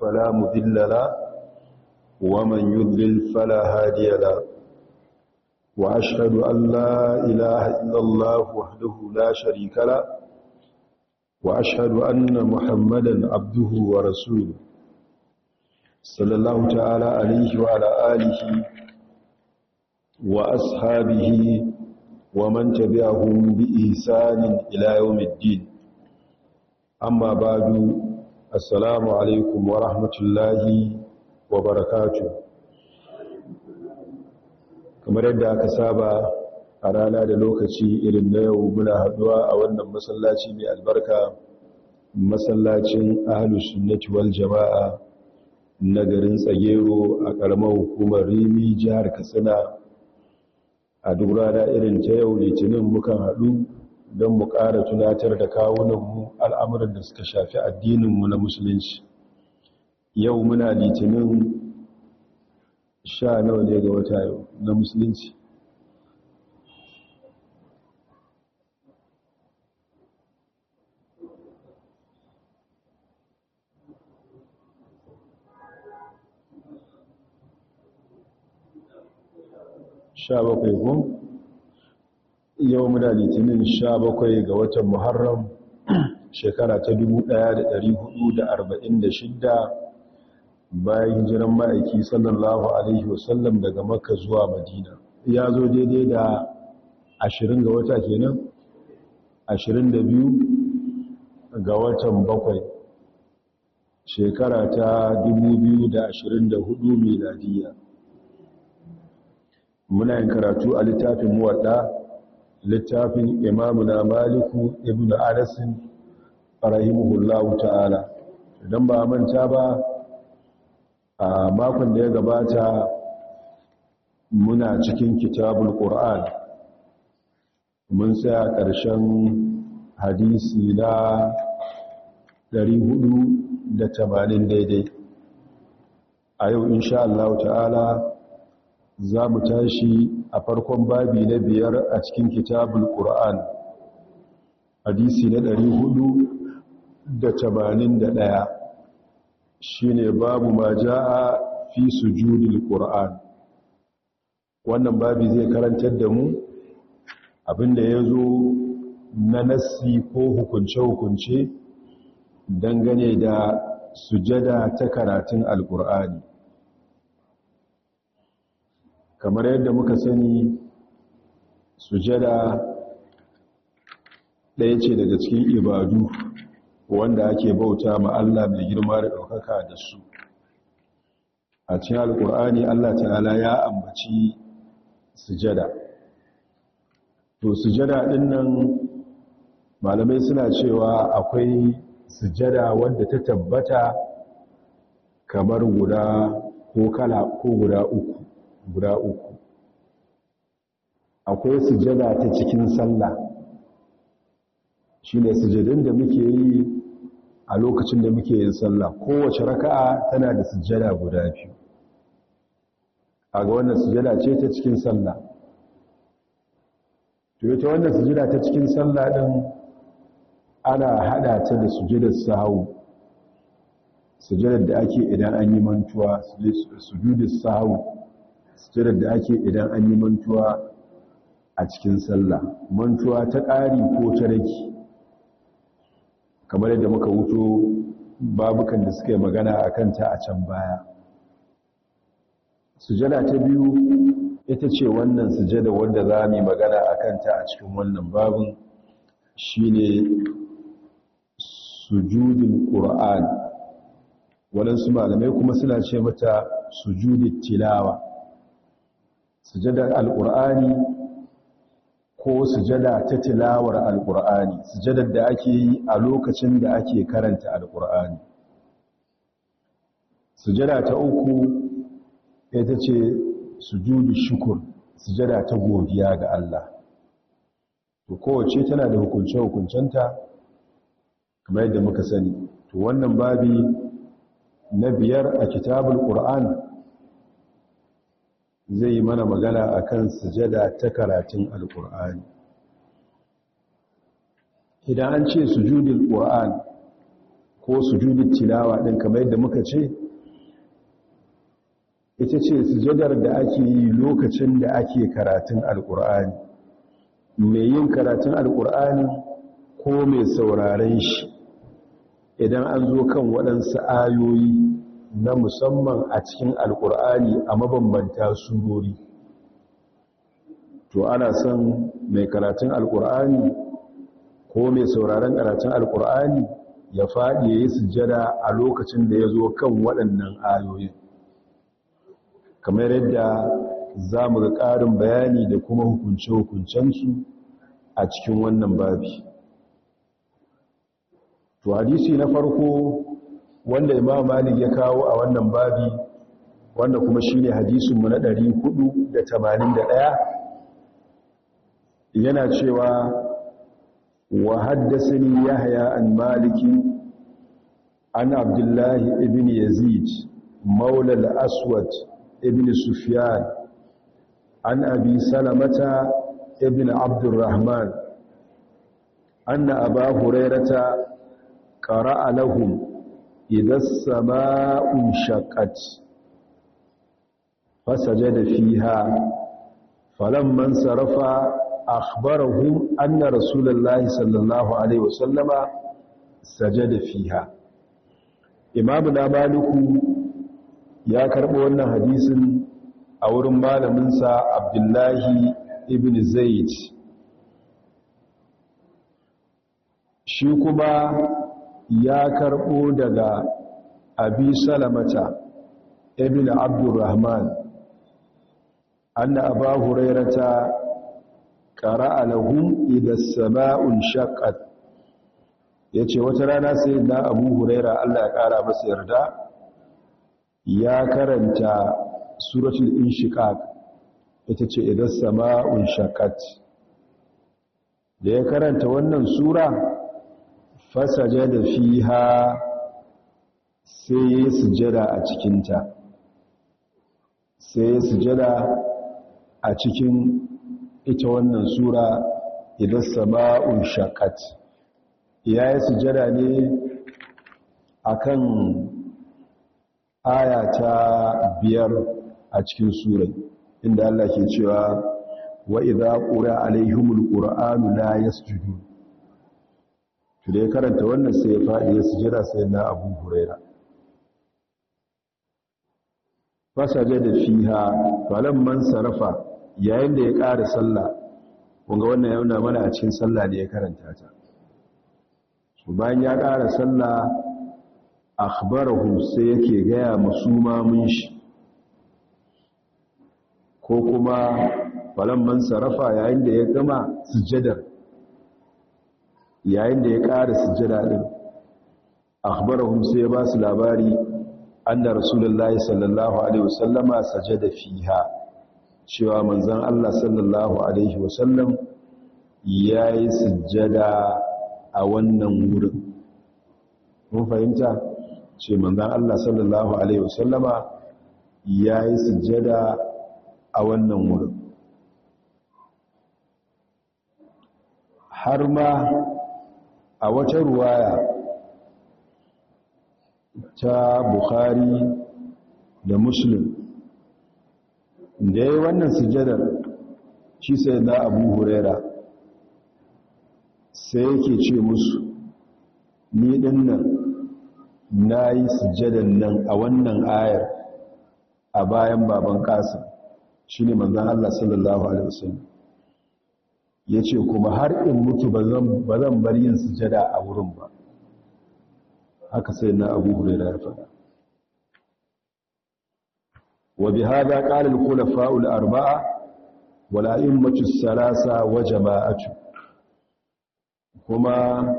فلا مذل له ومن يذلل فلا هادي له وأشهد أن لا إله إلا الله وحده لا شريك له وأشهد أن محمدا عبده ورسوله صلى الله تعالى عليه وعلى آله وأصحابه ومن تبعهم بإحسان إلى يوم الدين أما بعد assalamu alaikum wa rahmatullahi wa barakatu kamar yadda aka saba a rana da lokaci irin na yau muna haduwa a wannan masallaci mai albarka masallacin ahlus sunnati wal jama'a na garin tsagero a karamar hukumar rimi jihar katsina a duk rana irin ta yau litinin mukan haɗu don mu ƙara tunatar da kawunanmu al'amuran da suka shafi addininmu na musulunci yau muna litinin sha nawa ne ga wata yau na musulunci sha bakwai ko? yau muna litinin sha bakwai ga watan muharram shekara ta 1446 bayan hijiran ma'aiki sallallahu alaihi wasallam daga makka zuwa madina ya zo daidai da 20 ga wata kenan 22 ga watan bakwai shekara ta da 2024 miladiyya muna yin karatu a littafin muwadda littafin imamuna maliku ibn arasin rahimuhullahu ta'ala idan ba manta ba a makon da ya gabata muna cikin kitabul qur'an mun tsaya ƙarshen hadisi na 480 daidai a yau insha Allah ta'ala za mu tashi a farkon babi na biyar a cikin kitabul ƙura'an hadisi na 481 shi ne babu ma ja'a fi sujudil ƙura'an wannan babi zai karantar da mu abinda ya zo na nasi ko hukunce-hukunce dangane da sujada ta karatun alƙur'ani kamar yadda muka sani sujada ɗaya ce daga cikin ibadu wanda ake bauta ma Allah mai girma da ɗaukaka da su a cikin alƙur'ani Allah ta'ala ya ambaci sujada to sujada ɗin nan malamai suna cewa akwai sujada wanda ta tabbata kamar guda ko kala ko guda uku guda uku akwai sujada ta cikin sallah shine sujadin da muke yi a lokacin da muke yin sallah kowace raka'a tana da sujada guda biyu a ga wannan sujada ce ta cikin sallah to ita wannan sujada ta cikin sallah din ana hada ta da sujadar sahu sujadar da ake idan an yi mantuwa sujudar sahu suturar da ake idan an yi mantuwa a cikin sallah mantuwa ta ƙari ko ta rage kamar yadda muka wuto babukan da suka yi magana a kanta a can baya sujada ta biyu ita ce wannan sujada wanda za mu yi magana a kanta a cikin wannan babin shine sujudin ƙura'an waɗansu malamai kuma suna ce mata sujudin tilawa sujadar alƙur'ani ko sujada ta tilawar alƙur'ani sujadar da ake yi a lokacin da ake karanta alƙur'ani sujada ta uku ita ce sujudu shukur sujada ta godiya ga Allah to kowace tana da hukunce-hukuncenta kamar yadda muka sani to wannan babi na biyar a kitabul Kur'an? zai yi mana magana a kan sujada ta karatun Alƙur'ani. idan an ce sujudin qur'an ko sujudin tilawa ɗin kamar yadda muka ce ita ce sujadar da ake yi lokacin da ake karatun Alƙur'ani, mai yin karatun alkur'ani ko mai sauraren shi idan an zo kan waɗansu ayoyi na musamman a cikin alkur'ani a mabambanta surori to ana son mai karatun alkur'ani ko mai sauraron karatun alkur'ani ya faɗi ya yi sujjada a lokacin da ya zo kan waɗannan ayoyin kamar yadda za mu ga ƙarin bayani da kuma hukunce-hukuncensu a cikin wannan babi to hadisi na farko wanda imam malik ya kawo a wannan babi wanda kuma shi ne hadisunmu na 481 yana cewa wa haddasani yahya an maliki an abdullahi ibn yazid maula al-aswad ibn sufyan an abi salamata ibn abdurrahman anna aba hurairata qara'a lahum idan sama'un shaqqat fasajada fiha falamman sarafa akhbarahum anna Rasulallah, sallallahu alaihi wasallama sajada fiha imamu na ya karɓi wannan hadisin a wurin malaminsa abdullahi ibn zaid shi kuma ya karɓo daga abi salamata ibn abdurrahman anna aba hurairata qara'a lahum idha as-sama'u shaqqat yace wata rana sai da abu huraira Allah ya kara masa yarda ya karanta suratul inshiqaq ita ce idha as-sama'u shaqqat da ya karanta wannan sura fasaje da fiha sai ya sujada a cikinta sai ya sujada a cikin ita wannan sura idan sama'un shakat ya yi sujada ne a kan ayata biyar a cikin surai inda Allah ke cewa wa idza qura alaihimul qur'anu la yasjudun to da ya karanta wannan sai ya faɗi ya sujira sai na abu huraira fasaje da fiha falon man sarafa yayin da ya ƙara sallah kunga wannan yana mana a cikin sallah da ya karanta ta so bayan ya ƙara sallah akhbarahu sai yake gaya mun shi ko kuma falon man sarafa yayin da ya gama sujjadar yayin da ya ƙara sujjada din akhbarahum sai ya ba su labari anna rasulullahi sallallahu alaihi wasallama sajada fiha cewa manzon Allah sallallahu alaihi wasallam yayi sujjada a wannan wurin mun fahimta ce manzon Allah sallallahu alaihi wasallama yayi sujjada a wannan wurin har ma a wata ruwaya ta bukhari da muslim da ya yi wannan sujadar shi sai na abu huraira sai yake ce musu ni dinnan na yi sujadan nan a wannan ayar a bayan baban kasim shi ne manzan allah sallallahu alaihi wasallam ya ce kuma har in mutu ba zan bar yin sujada a wurin ba haka sai na abu hurera ya faɗa wa bi hada kula al arbaa wal a'immatu wa jama'atu kuma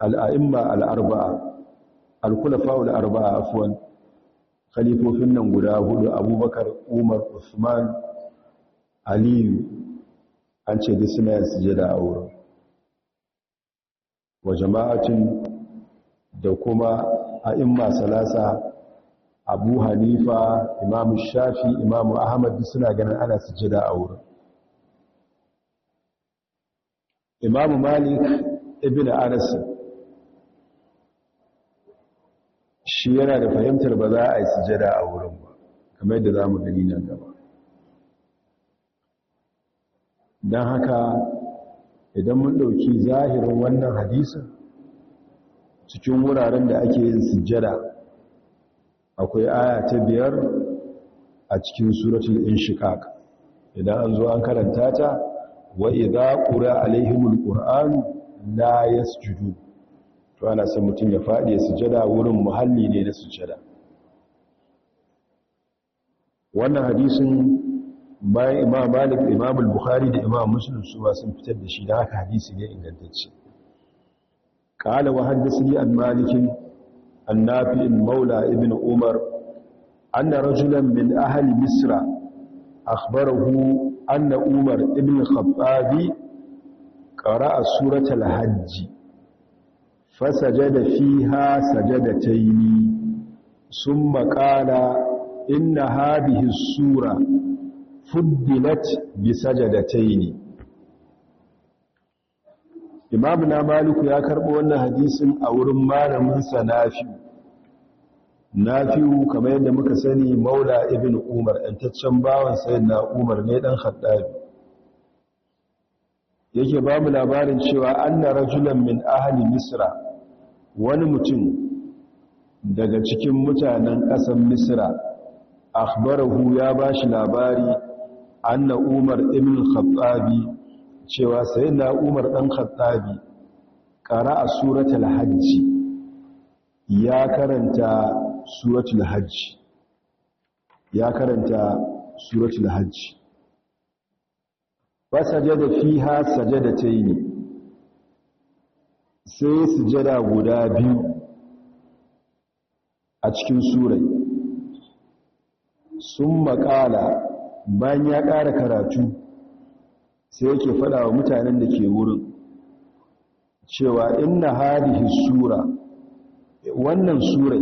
al-a'imma al-arba'a arbaa afwan khalifofin nan guda hudu abubakar umar usman aliyu an ce duk suna yin sujada a wurin wa jama'atun da kuma a imma salasa abu hanifa imamu shafi imamu ahmad duk suna ganin ana sujada a wurin imamu malik ibn anas shi yana da fahimtar ba za a yi sujada a wurin ba kamar yadda za mu gani nan gaba don haka idan mun ɗauki zahirin wannan hadisin cikin wuraren da ake yin sujjada akwai aya ta biyar a cikin suratul inshiqaq idan an zo an karanta ta wa idza qura alaihimul qur'an la yasjudu to ana son mutum ya faɗi ya sujjada wurin muhalli ne na sujjada wannan hadisin bayan imam malik imam al-bukhari da imam muslim su ba sun fitar da shi da haka hadisi ne ingantacce qala wa haddathani an malik an nafi maula ibn umar anna rajulan min ahli misra akhbarahu anna umar ibn khattabi qara'a surata al-hajj fasajada fiha sajadatayn thumma qala inna hadhihi as sura. fuddilat bi sajadataini imamu na maliku ya karbo wannan hadisin a wurin malamin sa nafi'u kamar yadda muka sani maula ibn umar antaccen bawan sayyidina umar ne dan haddabi yake ba mu labarin cewa anna rajulan min ahli misra wani mutum daga cikin mutanen ƙasar misra akhbarahu ya bashi labari anna umar ibn khattabi cewa sayyidina umar dan khattabi qara'a suratul hajj ya karanta suratul hajj ya karanta suratul hajj sajada fiha sajadatayn sai sujada guda biyu a cikin surai sun makala bayan ya ƙara karatu sai yake faɗa wa mutanen da ke wurin cewa inna hadihi sura wannan surai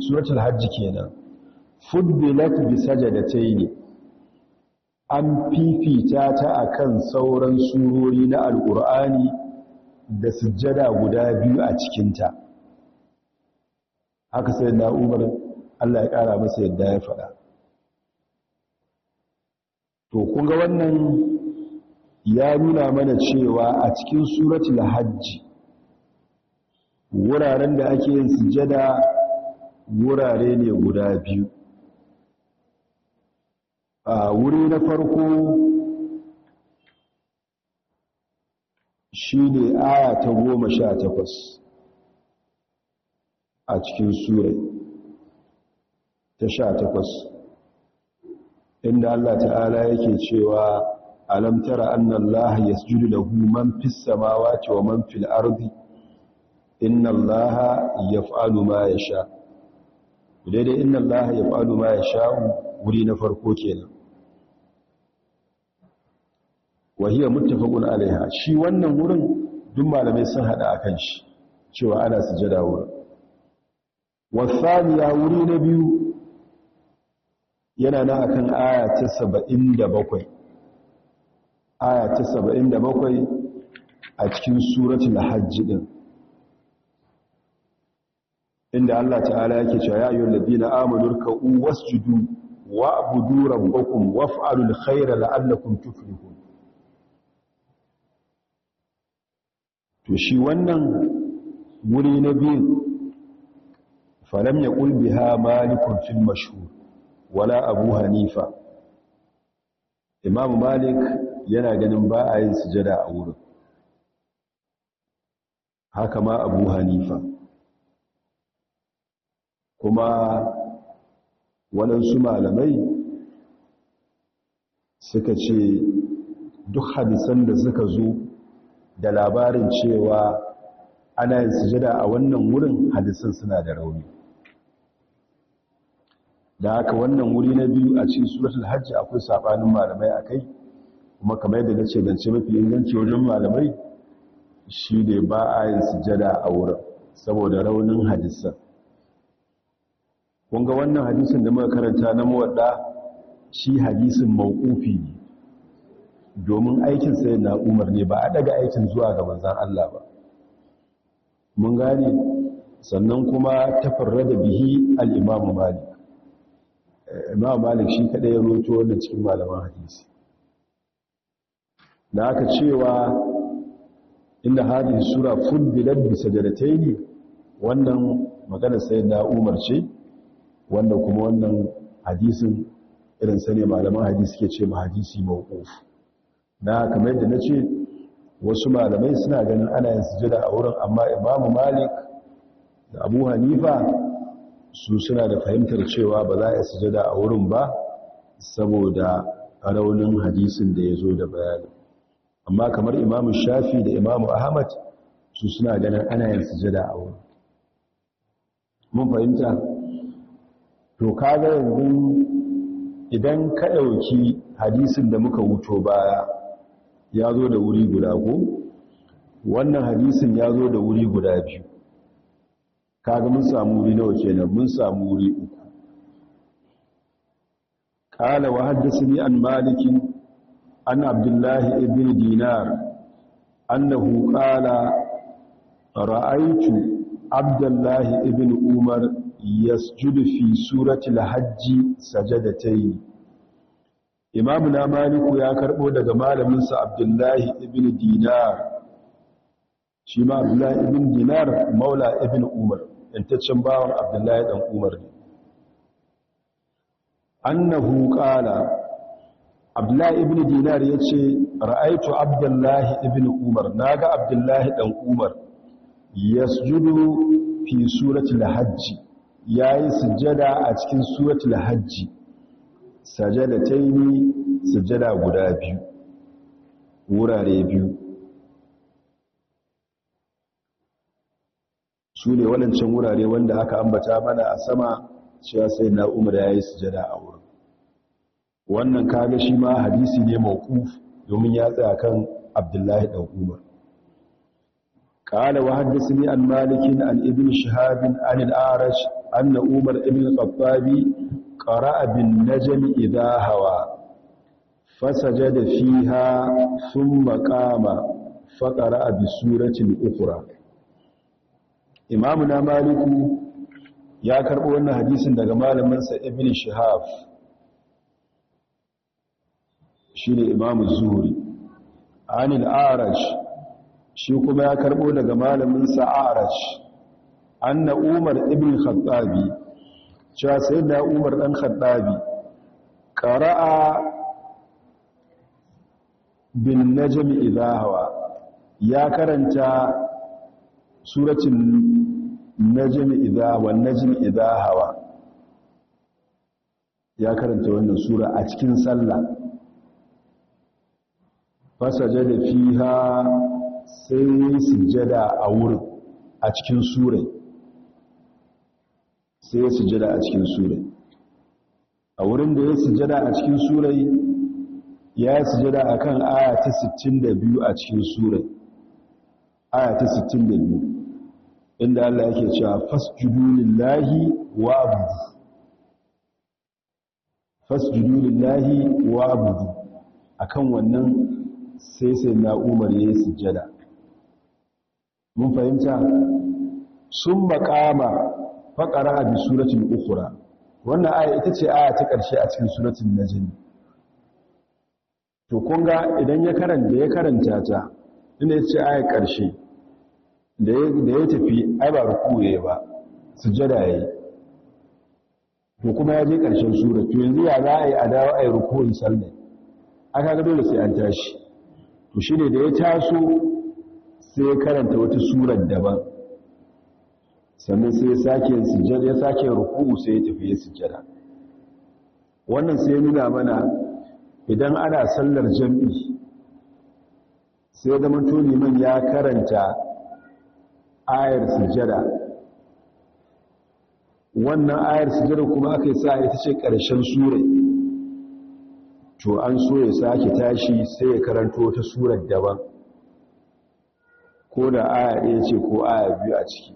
suratul hajji kenan fuddilat bi sajadatayn an fifita ta akan sauran surori na alqur'ani da sujjada guda biyu a cikinta haka sai na umar Allah ya ƙara masa yadda ya faɗa to kunga wannan ya nuna mana cewa a cikin suratul hajji wuraren da ake yin sujada wurare ne guda biyu a wuri na farko shine aya ta goma a cikin sura ta sha takwas inda Allah ta'ala yake cewa alam tara anna Allah yasjudu lahu man fis samawati wa man fil ardi inna Allah yaf'alu ma yasha daidai inna Allah yaf'alu ma yasha wuri na farko kenan wa hiya muttafaqun alaiha shi wannan wurin duk malamai sun hada akan shi cewa ana sujada wurin wasaniya wuri na biyu yana na akan aya ta Ayata saba'in da bakwai a cikin suratul hajj din inda Allah ta'ala yake cewa ya ayyuhal ladina amanu ruk'u wasjudu wa'budu rabbakum waf'alul khayra la'allakum tuflihun to shi wannan wuri na biyu falam yaqul ha malikun fil mashhur wala abu hanifa imam malik yana ganin ba a yin sujada a wurin haka ma abu hanifa kuma waɗansu malamai suka ce duk hadisan da suka zo da labarin cewa ana yin sujada a wannan wurin hadisan suna da rauni da haka wannan wuri na biyu a cikin suratul hajj akwai sabanin malamai akai kuma kamar yadda nace zance mafi inganci wajen malamai shi ne ba a yin sujada a wurin saboda raunin hadisan kun ga wannan hadisin da muka karanta na muwadda shi hadisin mawqufi ne domin aikin sai na Umar ne ba a daga aikin zuwa ga manzon Allah ba mun gane sannan kuma tafarrada bihi al-Imam Malik imam malik shi kadai ya roto wannan cikin malaman hadisi da aka cewa inda hadisi sura fuddilat bi sajadataini wannan magana sai da Umar ce wanda kuma wannan hadisin irin sai malaman hadisi ke ce ma hadisi mawquf da kamar yadda nace wasu malamai suna ganin ana yin sujada a wurin amma Imam Malik da Abu Hanifa su suna da fahimtar cewa ba za a sujada a wurin ba saboda raunin hadisin da ya zo da bayanin amma kamar imamu shafi da imamu ahmad su suna ganin ana yin sujada a wurin mun fahimta to kaga yanzu idan ka ɗauki hadisin da muka wuto baya ya zo da wuri guda ko wannan hadisin ya zo da wuri guda biyu kaga mun samu wuri nawa kenan mun samu wuri uku Ƙala wa haddathani an malik an abdullah ibn dinar annahu qala ra'aytu abdullah ibn umar yasjudu fi surati al-hajj sajadatayn imamu na maliku ya karɓo daga malaminsa sa abdullah dinar shi ma abdullah dinar maula ibn umar intaccen bawan abdullahi dan umar ne annahu qala abdullahi ibn dinar yace ra'aitu abdullahi ibn umar naga abdullahi dan umar yasjudu fi al hajj yayi sujada a cikin al hajj sajadataini sujada guda biyu wurare biyu su ne wadancan wurare wanda aka ambata mana a sama cewa sai na umar ya yi sujada a wurin wannan kaga shi ma hadisi ne mawkuf domin ya tsaya kan abdullahi ɗan umar ƙala wa haddasa ne an shahabin an al'arash an na umar ibin tsabbabi ƙara abin najan idha hawa fasaje da fiha sun maƙama faƙara suratin ukura imamu na maliku ya karɓo wannan hadisin daga malaminsa ibn shihab shi ne imamu zuhri anil araj shi kuma ya karɓo daga malaminsa araj anna umar ibn khattabi cewa sai da umar dan khattabi ƙara'a bin najami idahawa ya karanta suratul najm idha wa najm idha hawa ya karanta wannan sura a cikin sallah da fiha sai sujjada a wurin a cikin surai sai ya sujjada a cikin surai a wurin da ya sujjada a cikin surai ya sujjada akan aya ta 62 a cikin surai aya ta 62 inda Allah yake cewa fasjudu lillahi wa'budu fasjudu lillahi wa'budu akan wannan sai sai na Umar yayi sujada. mun fahimta sun makama faƙara a bi suratin ukura wannan aya ita ce aya ta ƙarshe a cikin suratun najm to kunga idan ya karanta ya karanta ta inda ya ce aya ƙarshe da ya tafi ai ba ya ba su ya yi to kuma ya je ƙarshen sura to yanzu ya za a yi adawa a yi rukunin sallah aka ga dole sai an tashi to shi ne da ya taso sai ya karanta wata surar daban sannan sai ya sake sujjada ya sake ruku sai ya tafi ya sujjada wannan sai nuna mana idan ana sallar jam'i sai da man ya karanta ayar sujada wannan ayar sujada kuma aka yi sa ita ce ƙarshen sura to an so ya sake tashi sai ya karanto ta surar daban ko da aya ɗaya ce ko aya biyu a ciki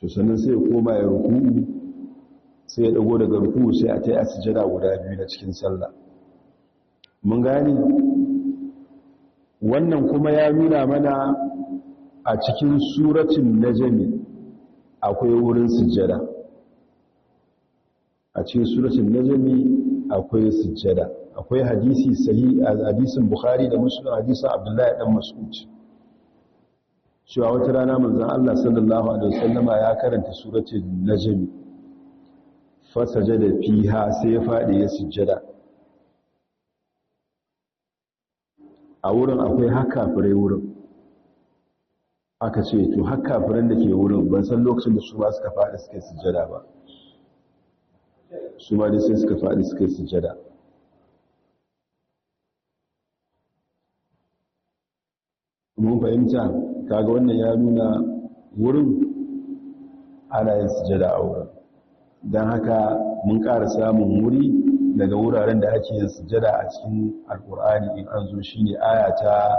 to sannan sai ya koma ya ruku'u sai ya dago daga ruku sai a ta sujada guda biyu na cikin sallah mun gani wannan kuma ya nuna mana a cikin suratun najami akwai wurin sujjada a cikin suratun najami akwai sujjada akwai hadisi sahi a hadisin bukhari da muslim hadisin abdullahi dan mas'ud cewa wata rana manzon Allah sallallahu alaihi wasallama ya karanta suratul najm fa sajada fiha sai ya fadi ya sujjada a wurin akwai haka fure wurin aka ce to har kafiran da ke wurin ban san lokacin da su ba suka faɗi suka sujjada ba su ba dai sai suka faɗi suka sujjada mun fahimta kaga wannan ya nuna wurin ana yin sujjada a wurin don haka mun ƙara samun wuri daga wuraren da ake yin sujjada a cikin alƙur'ani in an zo shine aya ta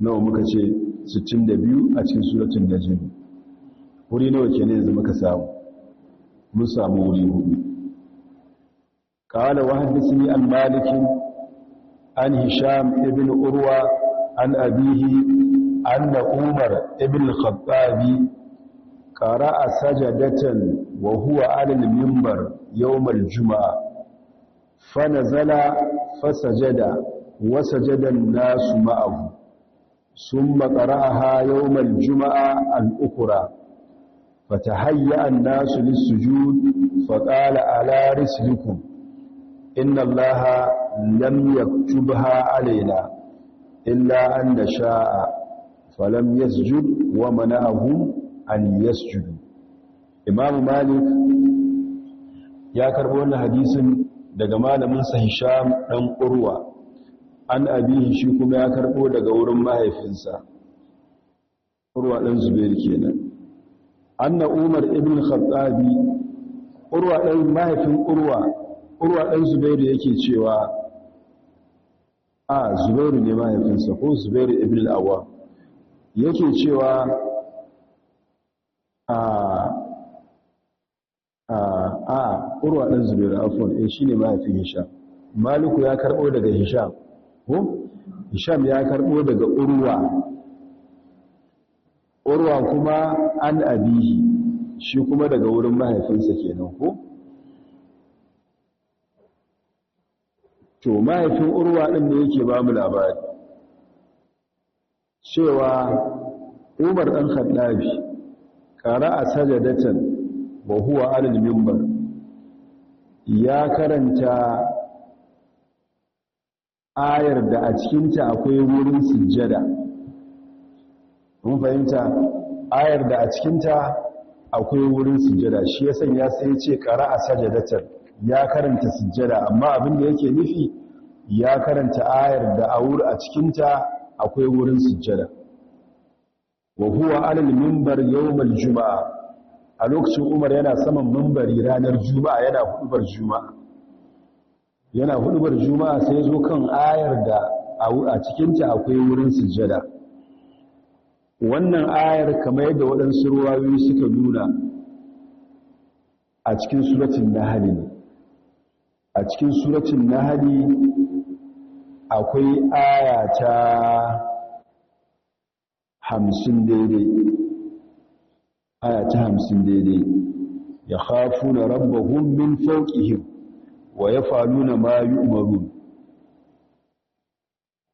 nawa muka ce 62 a cikin suratun da jini wuri nawa ke ne yanzu muka samu mun samu wuri hudu kawai da wahanda su ne al-maliki an hisham ibn urwa an abihi an na umar ibn khattabi kara a sajadatan wa huwa alin mimbar yawmar juma'a fa fasa-jada, sajada wa sajadan nasu ma'ahu ثم قرأها يوم الجمعة الأخرى فتهيأ الناس للسجود فقال على رسلكم إن الله لم يكتبها علينا إلا أن نشاء فلم يسجد ومنعهم أن يسجدوا إمام مالك يا كربون حديث daga malamin sa Hisham dan Urwa an abihi shi kuma ya karɓo daga wurin mahaifinsa urwa ɗan zubair kenan anna umar ibn khattabi urwa ɗan mahaifin urwa urwa ɗan zubair yake cewa a zubairu ne mahaifinsa ko zubairu ibn al-awwa yake cewa a a a urwa ɗan zubair afwan eh shine mahaifin hisham maliku ya karɓo daga hisham ko hisham ya karbo daga urwa urwa kuma an abihi shi kuma daga wurin mahaifinsa kenan ko to mahaifin urwa din ne yake ba mu labari cewa umar dan khattabi kara a sajadatan wa huwa alal minbar ya karanta ayar da a cikinta akwai wurin sujjada mun fahimta ayar da a cikinta akwai wurin sujjada shi ya sanya sai ya ce qara'a sajadatan ya karanta sujjada amma abin da yake nufi ya karanta ayar da a awur a cikinta akwai wurin sujjada wa huwa alal minbar yawmal juma'a a lokacin Umar yana saman minbari ranar juma'a yana hudubar juma'a yana hudubar juma'a sai zo kan ayar da a cikinta akwai wurin sujjada wannan ayar kamar yadda waɗansu ruwayoyi suka nuna a cikin suratun nahali ne a cikin suratun nahali akwai aya ta hamsin daidai aya ta hamsin daidai ya khafu na min fauƙihim wa ya faluna ma yi umaru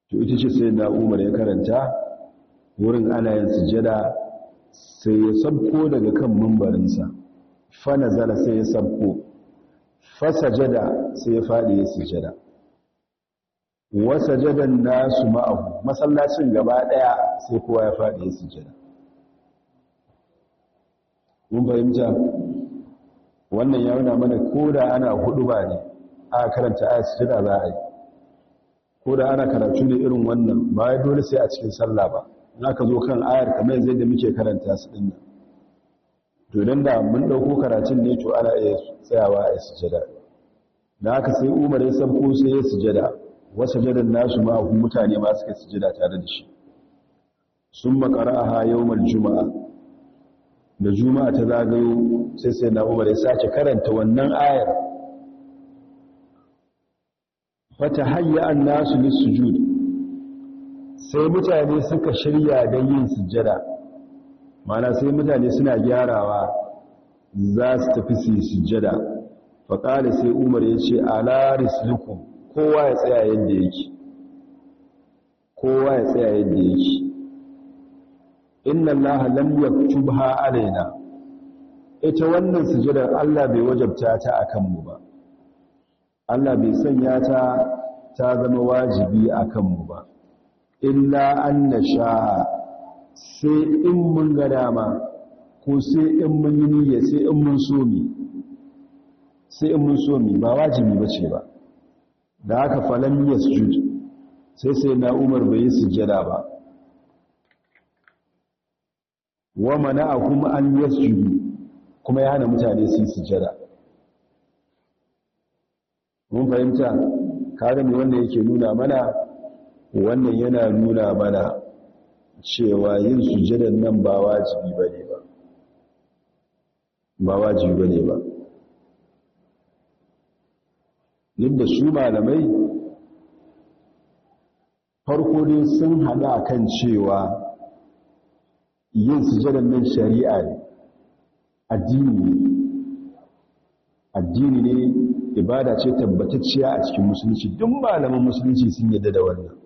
to ita ce sai na umar ya karanta wurin ana yin sujada sai ya sabko daga kan mambarinsa fana zara sai ya sabko fasa jada sai ya faɗi ya sujada wasa jadan nasu ma'ahu masallacin gaba ɗaya sai kowa ya faɗi ya sujada mun fahimta wannan ya nuna mana koda ana hudu ba ne a karanta ayat sujada za a yi ko da ana karatu ne irin wannan ba ya dole sai a cikin sallah ba na ka zo kan ayar kamar yanzu da muke karanta su din nan to idan da mun dauko karatun ne to ana iya tsayawa a sujada da ka sai umar ya sabko sai ya sujada wasu jadan nasu ma hu mutane ma suka sujada tare da shi sun a yawmal juma'a da juma'a ta zagayo sai sai na umar ya sake karanta wannan ayar fata hayya an nasu sujud sai mutane suka shirya don yin sujjada mana sai mutane suna gyarawa za su tafi su yi sujjada faƙali sai umar ya ce ala rislukum kowa ya tsaya yadda yake kowa ya tsaya yadda yake inna allaha lam yaktubha alaina ita wannan sujjada Allah bai wajabta ta akan mu ba Allah bai sanya ta ta zama wajibi a kanmu ba illa an sha sai in mun ga dama ko sai in mun yi niyya sai in mun so mi sai in mun so mi ba wajibi ba ce ba da haka falam sujud sai sai na Umar bai yi sujada ba wa kuma an yasjudu kuma ya hana mutane su yi sujada. fahimta kare mu wanda yake nuna mana wannan yana nuna mana cewa yin sujudan nan ba wajibi bane ba ba wajibi bane ba yadda su malamai farko dai sun hada kan cewa yin sujudan nan shari'a ne addini addini ne ibada ce tabbatacciya a cikin musulunci duk malaman musulunci sun yadda da wannan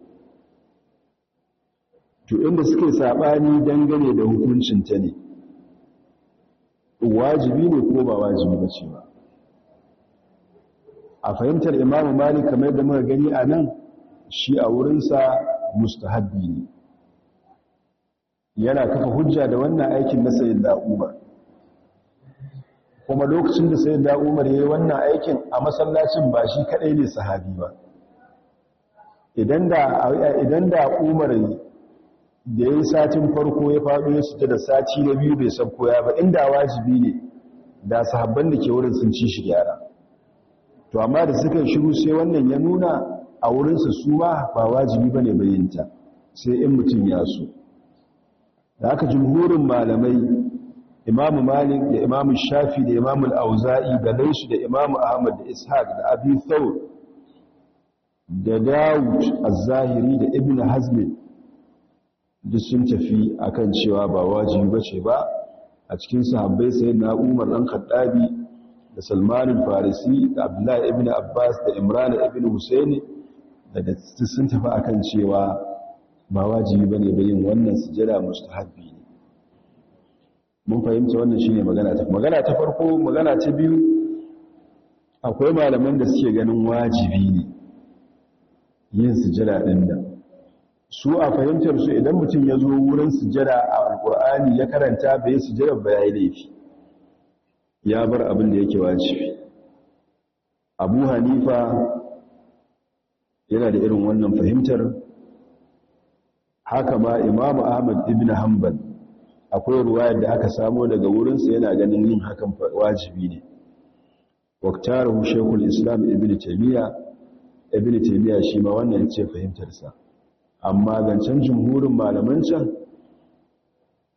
to inda suke saɓani dangane da hukuncin ta ne wajibi ne ko ba wajibi ba ce ba a fahimtar imamu malik kamar da muka gani a nan shi a wurinsa mustahabbi ne yana kafa hujja da wannan aikin na sayin umar kuma lokacin da sai da umar ya yi wannan aikin a masallacin ba shi kaɗai ne sahabi ba idan da umar da ya yi satin farko ya faɗo ya sita da sati na biyu bai san koya ba inda wajibi ne da sahabban da ke wurin sun ci shi gyara to amma da suka shiru sai wannan ya nuna a wurinsa su ma ba wajibi ba ne bayanta sai in mutum ya so da haka jumhurin malamai imamu malik da imamu shafi da imamu auza'i da naishi da imamu ahmad da ishaq da abi thawr da dawud az-zahiri da ibn hazm duk sun tafi akan cewa ba wajibi bace ba a cikin sahabbai na umar dan khattabi da salman farisi da abdullah ibn abbas da imran ibn husayn da sun tafi akan cewa ba wajibi bane yin wannan sujada mustahabbi mun fahimta wannan shine magana ta magana ta farko magana ta biyu akwai malaman da suke ganin wajibi ne yin sujada din da su a fahimtar su idan mutum ya zo wurin sujada a alkur'ani ya karanta bai sujada ba yayi laifi ya bar abin da yake wajibi abu hanifa yana da irin wannan fahimtar haka ma imamu ahmad ibn hanbal akwai ruwayar da aka samo daga wurinsa yana ganin yin hakan wajibi ne waktaru shekul islam ibn taymiya ibn taymiya shi ma wannan ce fahimtarsa amma gancan jumhurin malaman can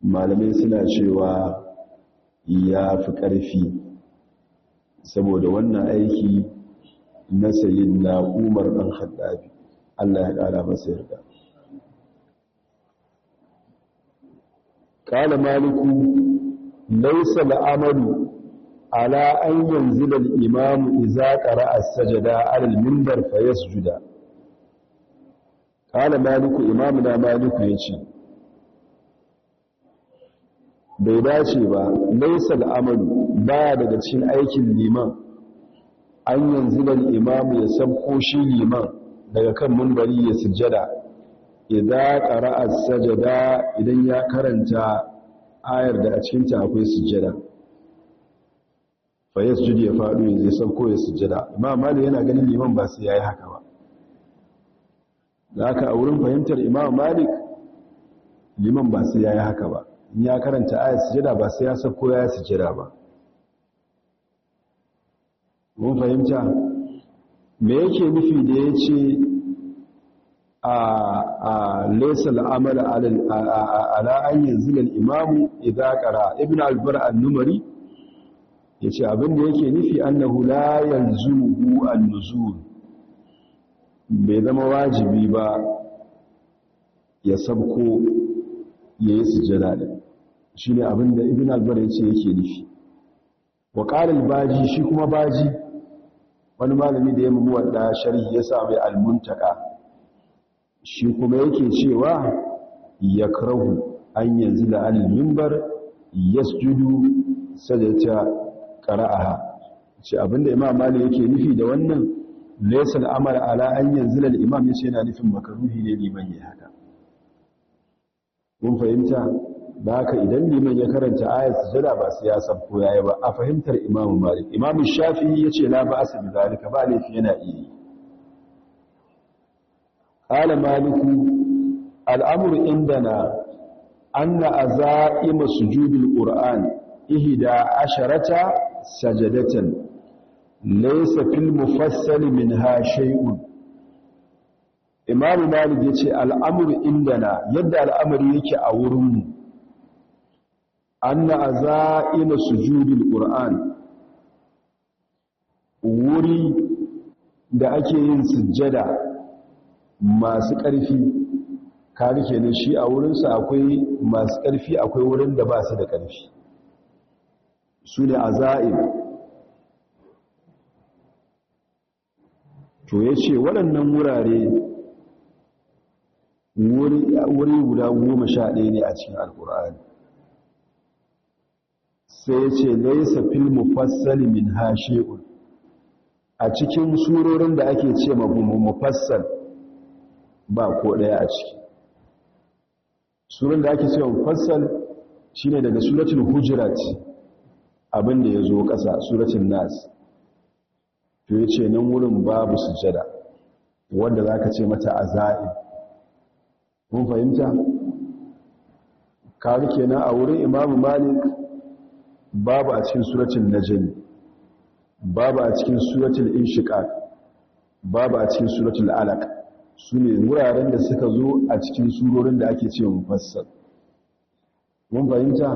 malamai suna cewa ya fi ƙarfi saboda wannan aiki na sayin na umar ɗan haɗabi allah ya ƙara masa yarda قال مالك ليس الامر على ان ينزل الامام اذا قرا السجدة على المنبر فيسجد قال مالك امامنا مالك يجي bai dace ba laisa al'amalu ba daga cikin aikin liman an yanzu da imamu ya sabko shi liman daga kan munbari ya sujjada idza qara'a sajada idan ya karanta ayar da a cikin ta akwai sujjada fa yasjudu ya fadu yanzu sauko ya sujjada amma malik yana ganin liman ba sai yayi haka ba zaka a wurin fahimtar imam malik liman ba sai yayi haka ba in ya karanta ayar sujjada ba sai ya sauko ya sujjada ba mun fahimta me yake nufi da yace a laysa amal ala an yanzila al-imam idza qara ibn al numari yace abin da yake nufi annahu la yanzuhu al nuzul bai zama wajibi ba ya sabko yi sujada din Shi abin da ibn al-bar yace yake nufi wa qala baji shi kuma baji wani malami da ya muwadda sharhi ya sa mai al-muntaka shi kuma yake cewa ya karahu an yanzu da alimimbar yasjudu sadata qara'aha shi abinda imam mali yake nufi da wannan laysa amara ala an yanzu da imam yace yana nufin makaruhi ne liman ya haka mun fahimta Ba haka idan liman ya karanta ayat jira ba sai ya ba a fahimtar imam malik imam shafi'i yace la ba'sa bi zalika ba laifi yana iya qala maliku al'amru indana anna azaim sujudil qur'an ihda asharata sajadatan laysa fil mufassal minha shay'un imamu malik yace al'amru indana yadda al'amari yake a wurinmu anna azaim sujudil qur'an wuri da ake yin sujjada masu ƙarfi kari kenan shi a wurinsa akwai masu ƙarfi akwai wurin da ba su da ƙarfi su ne a to ya ce waɗannan wurare wuri guda goma sha ɗaya ne a cikin alƙur'ani sai ya ce laisa fil mufassali min hashe'un a cikin surorin da ake ce mafi mufassal ba ko ɗaya a ciki surun da ake cewa fassal shine daga suratul hujurat abinda da ya zo ƙasa suratul nas to yace nan wurin babu sujada wanda zaka ce mata azai mun fahimta kawai kenan a wurin imamu malik babu a cikin suratul najm babu a cikin suratul inshiqaq babu a cikin suratul alaq Sune ne wuraren da suka zo a cikin surorin da ake ce mufassal mun fahimta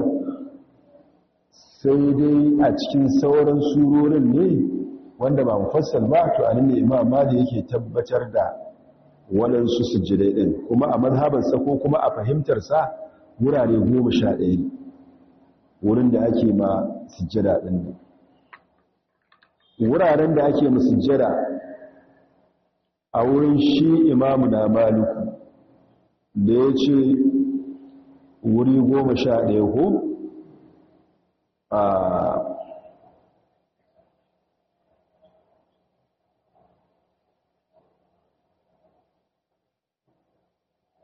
sai dai a cikin sauran surorin ne wanda ba mufassal ba to a ne imam mali yake tabbatar da waɗansu ji daidai. kuma a mazhabarsa ko kuma a fahimtarsa wurare goma sha ɗaya wurin da ake ma sujjada ɗin wuraren da ake ma sujjada a wurin shi imamu na maliku da ya ce wuri goma sha ɗaya ko a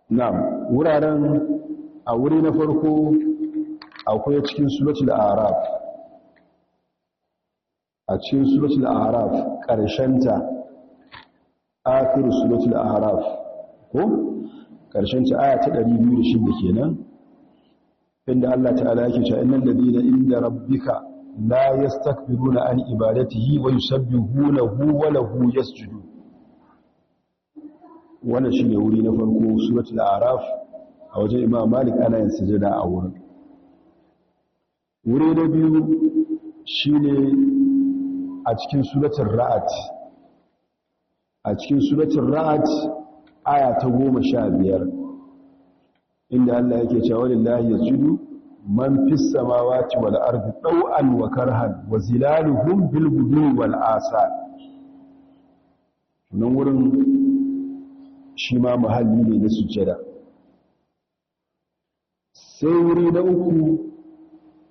na wuraren a wuri na farko akwai cikin suratul araf a cikin suratul araf ƙarshenta akhiru suratul ahraf ko karshen ta aya ta 206 kenan inda Allah ta'ala yake cewa innal ladina inda rabbika la yastakbiruna an ibadatihi wa yusabbihunahu wa lahu yasjudun wannan shine wuri na farko suratul ahraf a wajen imam malik ana yin sujada a wurin wuri na biyu shine a cikin suratul ra'at a cikin suratul ra'd aya ta 15 inda Allah yake cewa lillahi yasjudu man fis samawati wal ardi taw'an wa karhan wa zilaluhum bil ghudu wal asal nan wurin shi ma mahalli ne na sujjada sai wuri na uku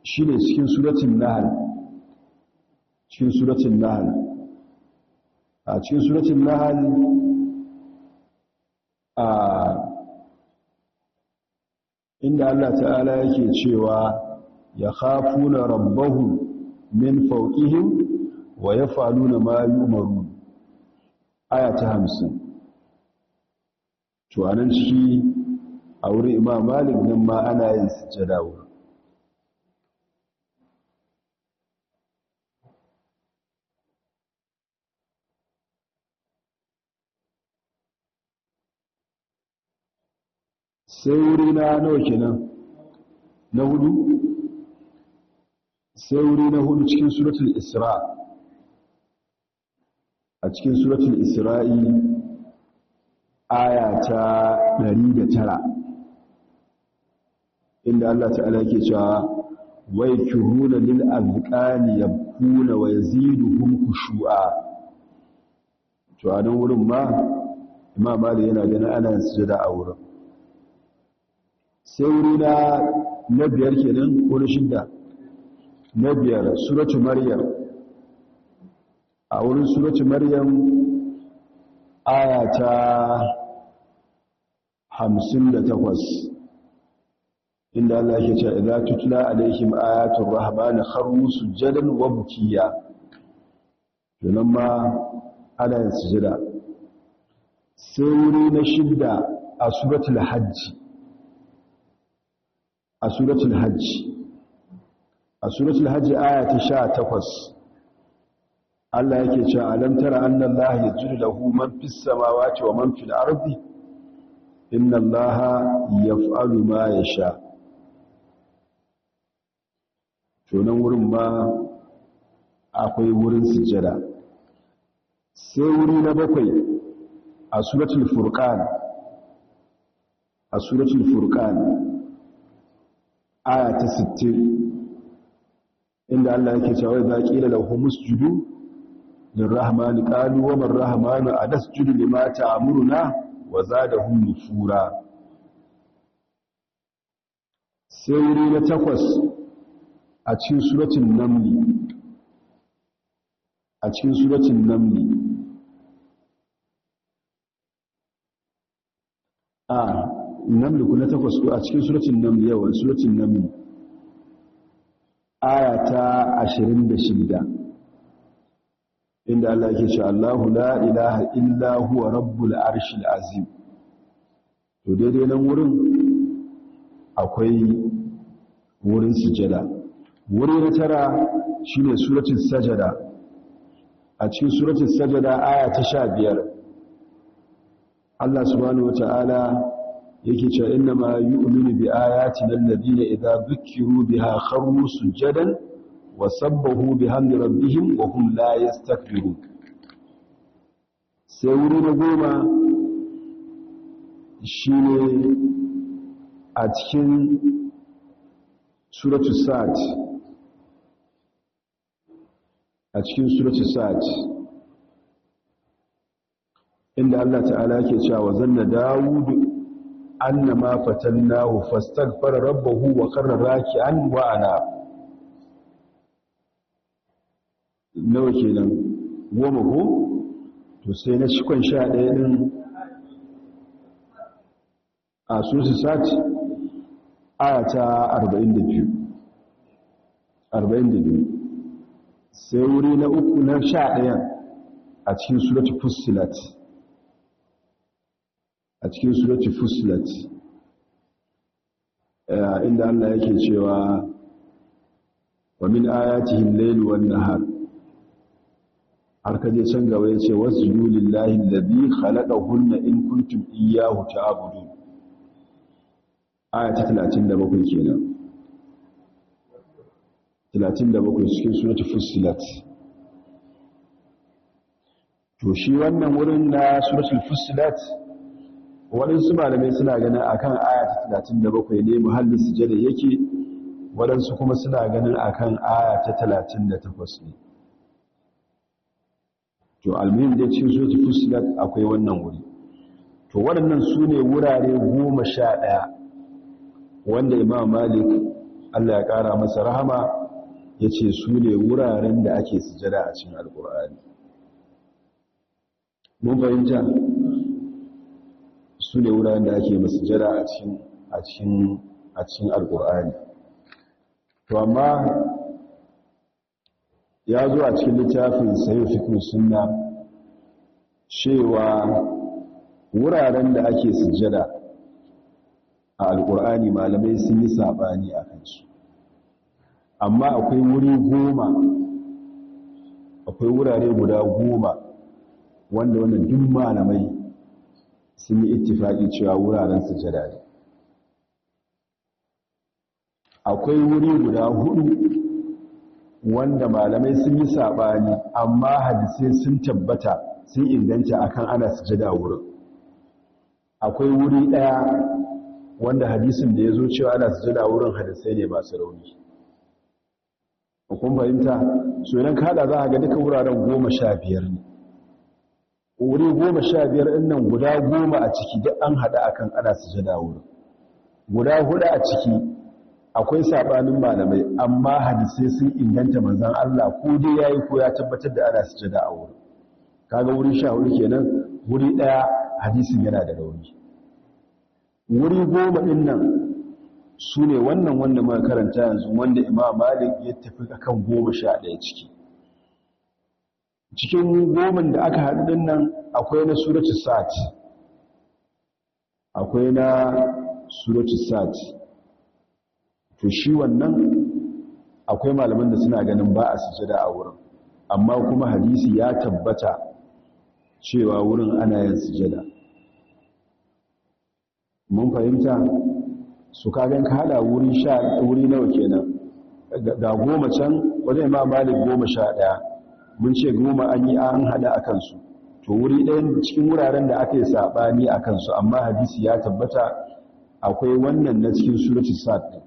shine cikin suratul nahl cikin suratul nahl a cikin suratun nahal a inda Allah ta'ala yake cewa ya na rabbahum min fawqihim wa yaf'aluna ma yu'marun aya ta hamsin. to anan shi a wuri imam malik nan ma ana yin sujada sai wuri na nawa kenan na hudu sai wuri na hudu cikin suratul isra a cikin suratul isra'i aya ta 109 inda Allah ta'ala yake cewa wai kuhuna lil azqani yabkuna wa yaziduhum khushu'a to a nan wurin ma imam mali yana gani ana sujada a wurin sai wuri na na biyar kenan ko shida na biyar suratu maryam a wurin suratu maryam aya ta takwas inda Allah ke ce idan tutla alaihim ayatul rahmani kharu sujadan wa bukiya nan ma ana sujada sai wuri na shida a suratul hajji a suratul hajj a suratul hajj aya ta 18 Allah yake cewa alam tara anna Allah yajudu lahu man fis samawati wa man fil ardi inna Allah yaf'alu ma yasha to nan wurin ma akwai wurin sujjada sai wuri na bakwai a suratul furqan a suratul furqan aya ta 60 inda Allah yake cewa idza qila lahum usjudu lirrahmani qalu wa man rahmanu adasjudu lima ta'muruna wa zadahum nufura sai na takwas a cikin suratul naml a cikin suratul naml a ah, naml na takwas a cikin suratul naml yawan suratul naml aya ta 26 inda Allah yake cewa Allahu la ilaha illa huwa rabbul arshil azim to daidai nan wurin akwai wurin sujada Wurin na tara shine suratul sajada a cikin suratul sajada ayata ta 15 Allah subhanahu ta'ala yake cewa inna ma yu'minu bi ayatina alladhina idza dhukiru biha kharru sujadan wa sabbahu bihamdi rabbihim wa hum la yastakbirun sai wuri na goma shine a cikin suratu sa'd a cikin suratu sa'd inda Allah ta'ala yake cewa zanna dawudu ma fatannahu fastaghfara rabbahu wa qarra raki'an wa ana nawa kenan goma ko to sai na shikon sha ɗaya din a sosai sati aya ta 42 42 sai wuri na uku na sha ɗayan a cikin suratul fussilat a cikin surati fusilat eh, inda Allah yake cewa wa min ayatihim laylu wan nahar har kaje can gaba yace wasjudu lillahi alladhi khalaqahunna in kuntum iyyahu ta'budun aya ta 37 kenan 37 cikin surati fusilat to shi wannan wurin na suratul fusilat waɗansu malamai suna ganin akan aya ta 37 ne muhallin sujada yake waɗansu kuma suna ganin akan aya ta 38 ne to almuhim dai su suratul fusilat akwai wannan wuri to waɗannan su ne wurare ɗaya, wanda imam malik Allah ya ƙara masa rahama ya ce su ne wuraren da ake sujada a cikin alƙur'ani mun fahimta su ne wuraren da ake masu a cikin a cikin a alkur'ani to amma ya zo a cikin littafin sayo fikin sunna cewa wuraren da ake sujada a Alƙur'ani, malamai sun yi saɓani a kansu amma akwai wuri goma akwai wurare guda goma wanda wannan duk malamai sun yi ittifaki cewa wuraren sujada ne akwai wuri guda hudu wanda malamai sun yi saɓani, amma hadisai sun tabbata sun inganta akan ana sujada wurin akwai wuri daya wanda hadisin da ya zo cewa ana sujada wurin hadisai ne masu rauni kun fahimta so idan kada za a ga duka wuraren goma sha biyar ne wuri goma sha biyar ɗin nan guda goma a ciki duk an haɗa akan ana sujada wurin guda huɗu a ciki akwai saɓanin malamai amma hadisai sun inganta manzan Allah ko dai ya yi ko ya tabbatar da ana sujada a wurin kaga wurin sha ke kenan wuri ɗaya hadisin yana da rauni wuri goma ɗin nan su ne wannan wanda muka karanta yanzu wanda imam malik ya tafi akan goma sha ɗaya ciki cikin goman da aka haɗu ɗin nan akwai na suratu sa'ad akwai na suratu sa'ad to shi wannan akwai malaman da suna ganin ba a sujada a wurin amma kuma hadisi ya tabbata cewa wurin ana yin sujada mun fahimta su kagan ka hada wurin sha wuri nawa kenan ga goma can wajen ma malik goma sha ɗaya mun ce goma an yi an hada a kansu to wuri ɗayan cikin wuraren da aka yi saɓani a kansu amma hadisi ya tabbata akwai wannan na cikin suratun sa'ad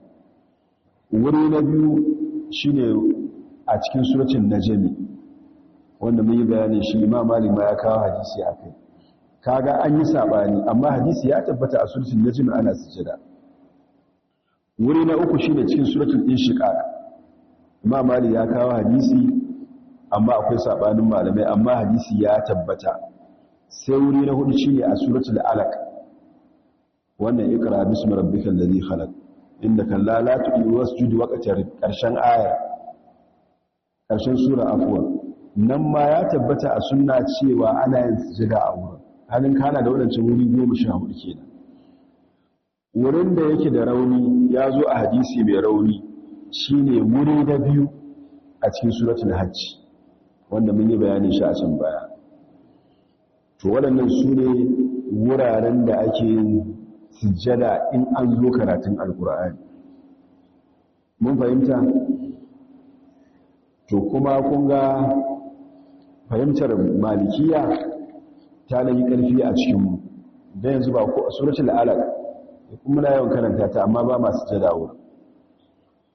wuri na biyu ne a cikin na jami wanda mun yi bayani shi ma mali ma ya kawo hadisi a kai kaga an yi saɓani amma hadisi ya tabbata a na jami ana sujada wuri na uku shi ne cikin suratul inshiqaq ma mali ya kawo hadisi amma akwai sabanin malamai amma hadisi ya tabbata sai wuri na hudu shine a suratul alaq wannan ikra bismi rabbikal ladhi khalaq inda kalla la tu'i wasjud waqtar karshen aya karshen sura afwa nan ma ya tabbata a sunna cewa ana yin sujada a wurin halin kana da wadancan wuri 14 kenan wurin da yake da rauni ya zo a hadisi mai rauni shine wuri na biyu a cikin suratul hajj wanda mun yi bayanin shi a can baya to waɗannan su ne wuraren da ake yin sujjada in an zo karatun alkur'ani mun fahimta to kuma kun ga fahimtar malikiya ta da yi ƙarfi a cikinmu don yanzu ba ko suratul alaq kuma muna yawan karanta ta amma ba ma sujjada wurin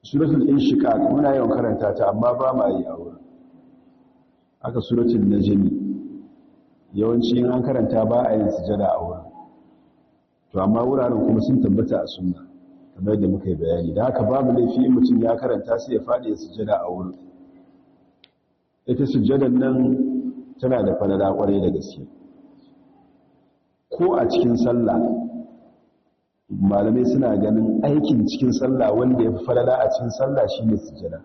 suratul inshiqaq muna yawan karanta ta amma ba ma yi a wurin haka suratul najm yawanci in an karanta ba a yin sujada a wurin to amma wuraren kuma sun tabbata a sunna kamar da muka yi bayani da haka babu laifi mutum ya karanta sai ya faɗi ya sujada a wurin ita sujadan nan tana da falala kwarai da gaske ko a cikin sallah malamai suna ganin aikin cikin sallah wanda ya fi falala a cikin sallah shine sujada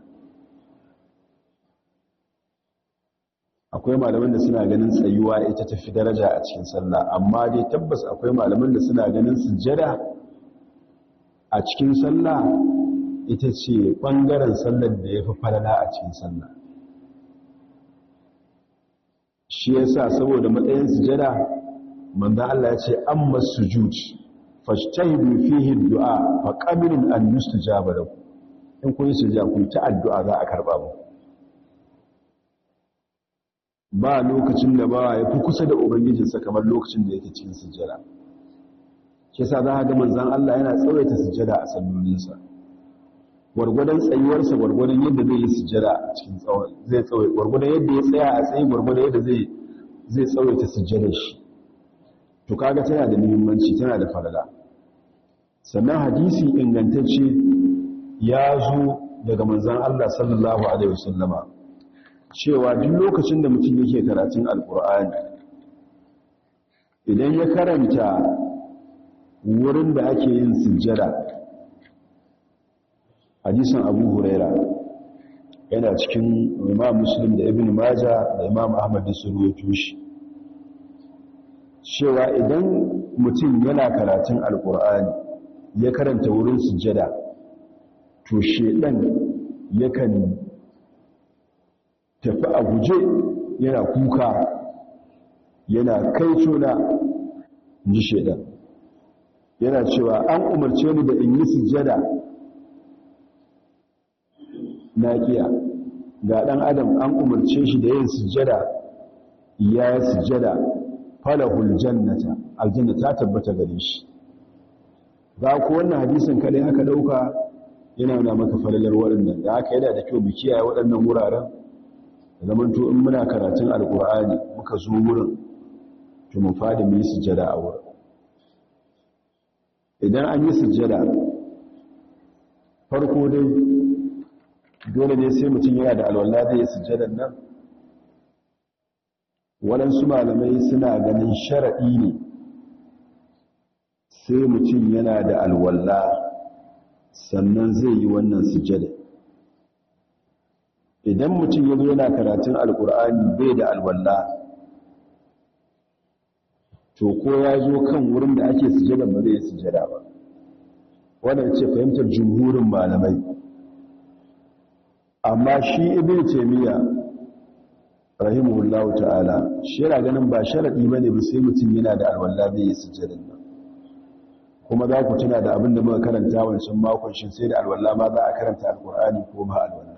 akwai malaman da suna ganin tsayuwa ita ta fi daraja a cikin sallah amma dai tabbas akwai malaman da suna ganin sujjada a cikin sallah ita ce ɓangaren sallar da ya fi falala a cikin sallah shi ya sa saboda matsayin sujjada manzan Allah ya ce an masu juji fashtahidu fihi du'a fa qabilin an yustujaba lakum in kun yi sujjada kun ta addu'a za a karba ba. ba lokacin da ba ya fi kusa da ubangijinsa kamar lokacin da yake cikin sujjada shi yasa za a ga manzan Allah yana tsawaita sujjada a sallolinsa gwargwadon tsayuwarsa gwargwadon yadda zai yi sujjada cikin tsawon zai tsawai gwargwadon yadda ya tsaya a tsayi gwargwadon yadda zai zai tsawaita sujjadar shi to kaga tana da muhimmanci tana da farada sannan hadisi ingantacce ya zo daga manzan Allah sallallahu alaihi wasallama cewa duk lokacin da mutum yake karatun alkur'ani idan ya karanta wurin da ake yin sujjada hadisin abu huraira yana cikin imam muslim da ibn maja da imam ahmad da ya tushe cewa idan mutum yana karatun alkur'ani ya karanta wurin sujjada to shedan yakan a guje yana kuka yana kai cuna ji yana cewa an umarce ni da in yi sujjada na kiya ga ɗan adam an umarce shi da yin sujjada ya yi sujjada falahul jannata aljanna ta tabbata gare shi ba ku wannan hadisin kadai aka ɗauka yana nuna maka falalar waɗannan da aka yana da kyau mu kiyaye waɗannan wuraren zamanto in muna karatun alkur'ani muka zo wurin to mu fadi mu yi sujjada a wurin idan an yi sujjada farko dai dole ne sai mutum yana da alwala zai yi sujjadan nan waɗansu malamai suna ganin sharaɗi ne sai mutum yana da alwala sannan zai yi wannan sujada. idan mutum ya zo yana karatun alkur'ani bai da alwalla to ko ya zo kan wurin da ake sujada ba zai sujada ba wannan ce fahimtar jumhurin malamai amma shi ibn taymiya rahimahullahu ta'ala shi yana ganin ba sharadi bane ba sai mutum yana da alwalla zai yi sujada kuma za ku tuna da abin da muka karanta wancan makon shin sai da alwalla ma za a karanta alkur'ani ko ba alwalla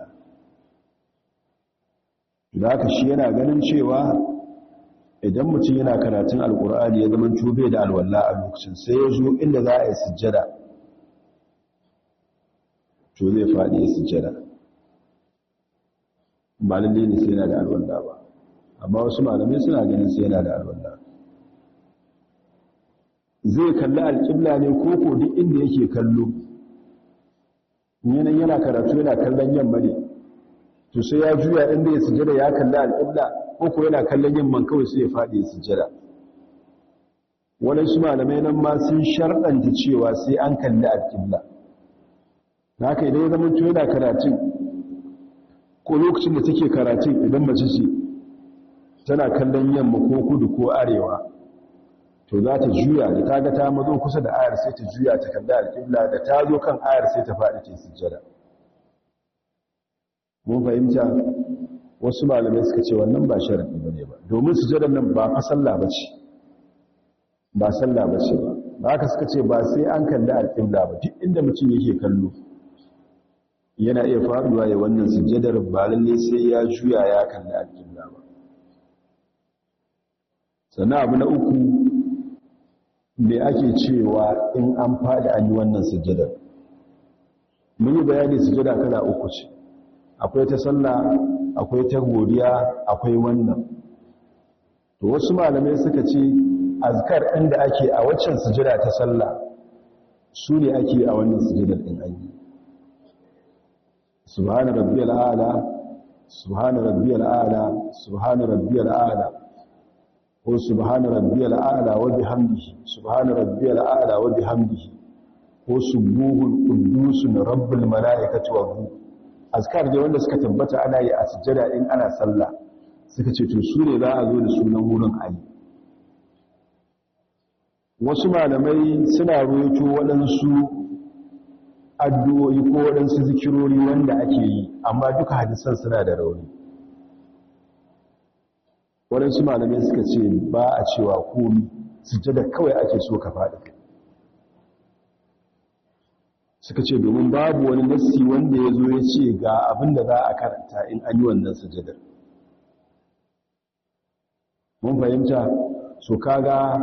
da haka shi yana ganin cewa idan mutum yana karatun alkur'ani ya zama cube da alwala a lokacin sai ya zo inda za a yi sujjada to zai faɗi ya sujjada ba lalle ne sai yana da alwala ba amma wasu malamai suna ganin sai yana da alwala zai kalli alƙibla ne ko ko duk inda yake kallo yanayin yana karatu yana kallon yamma ne to sai ya juya inda ya sujada ya kalli alƙibla ko ko yana kallon yamma kawai sai ya fadi ya sujada waɗansu malamai nan ma sun sharɗanta cewa sai an kalli alƙibla da haka idan ya zama to yana karatun ko lokacin da take karatun idan mace ce tana kallon yamma ko kudu ko arewa to za ta juya da ta ga ta mazo kusa da ayar sai ta juya ta kalli alƙibla da ta zo kan ayar sai ta faɗi ta sujada mun fahimta wasu malamai suka ce wannan ba sharaɗi ba ba domin sujadar nan ba sallah ba ce ba sallah ba ce ba haka suka ce ba sai an kalli alƙibla ba duk inda mutum yake kallo yana iya faɗuwa ya wannan sujadar ba lalle sai ya juya ya kalli alƙibla ba sannan abu na uku me ake cewa in an faɗi an yi wannan sujadar mun yi bayani sujada kala uku ce akwai ta sallah akwai ta godiya akwai wannan to wasu malamai suka ce azkar inda da ake a waccan sujada ta sallah su ne ake a wannan sujada ɗin an subhana rabbiyal a'la subhana rabbiyal a'la subhana rabbiyal a'la ko subhana rabbiyal a'la wa bihamdihi subhana rabbiyal a'la wa bihamdihi ko subuhul quddus rabbul malaikati wa ruh azkar dai wanda suka tabbata ana yi a sujjada in ana sallah suka ce to su ne za a zo da sunan wurin ayi wasu malamai suna roƙo waɗansu addu'o'i ko waɗansu zikirori wanda ake yi amma duka hadisan suna da rauni waɗansu malamai suka ce ba a cewa komi sujjada kawai ake so ka faɗi suka ce domin babu wani nassi wanda ya zo ya ce ga abin da za a karanta in an yi wannan sujadar mun fahimta so kaga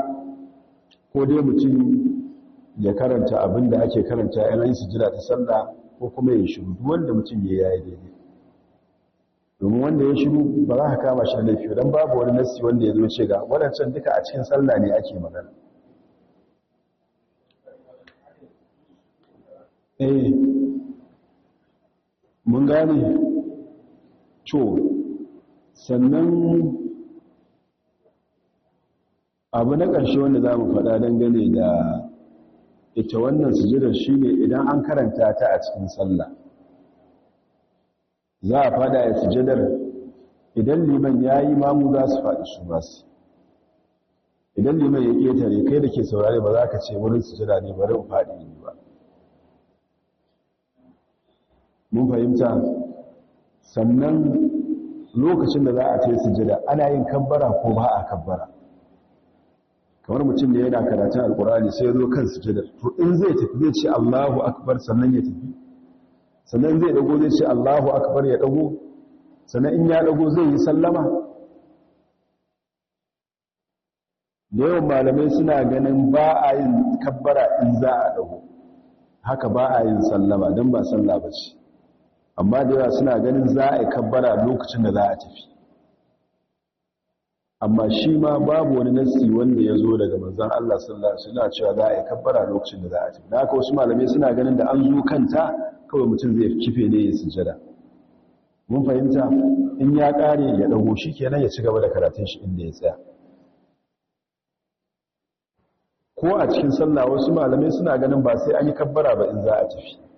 ko dai mutum ya karanta abin da ake karanta yana yin sujada ta sallah ko kuma ya shiru duk wanda mutum ya yi daidai domin wanda ya shiru ba za ka kama shi da laifi don babu wani nassi wanda ya zo ce ga wadancan duka a cikin sallah ne ake magana eh mun gane to sannan abu na ƙarshe wanda za mu faɗa dangane da ita wannan sujudar shi ne idan an karanta ta a cikin sallah za a faɗa ya sujudar idan liman ya yi mamu za su faɗi su ba su idan liman ya ƙetare kai da ke saurari ba za ka ce wurin sujada ne bari in faɗi ne ba mun fahimta sannan lokacin da za a ce sujada ana yin kabbara ko ba a kabbara kamar mutum ne yana karatun alkurani sai ya zo kan sujada to in zai tafi zai ce Allahu akbar sannan ya tafi sannan zai dago zai ce Allahu akbar ya dago sannan in ya dago zai yi sallama da yawan malamai suna ganin ba a yin kabbara in za a dago haka ba a yin sallama don ba sallah ba ce amma da yawa suna ganin za a yi kabbara lokacin da za a tafi amma shi ma babu wani nassi wanda ya zo daga manzan Allah sallallahu alaihi cewa za a yi kabbara lokacin da za a tafi da haka wasu malamai suna ganin da an zo kanta kawai mutum zai kife ne ya sujada mun fahimta in ya kare ya dago shi kenan ya ci gaba da karatun shi inda ya tsaya ko a cikin sallah wasu malamai suna ganin ba sai an yi kabbara ba in za a tafi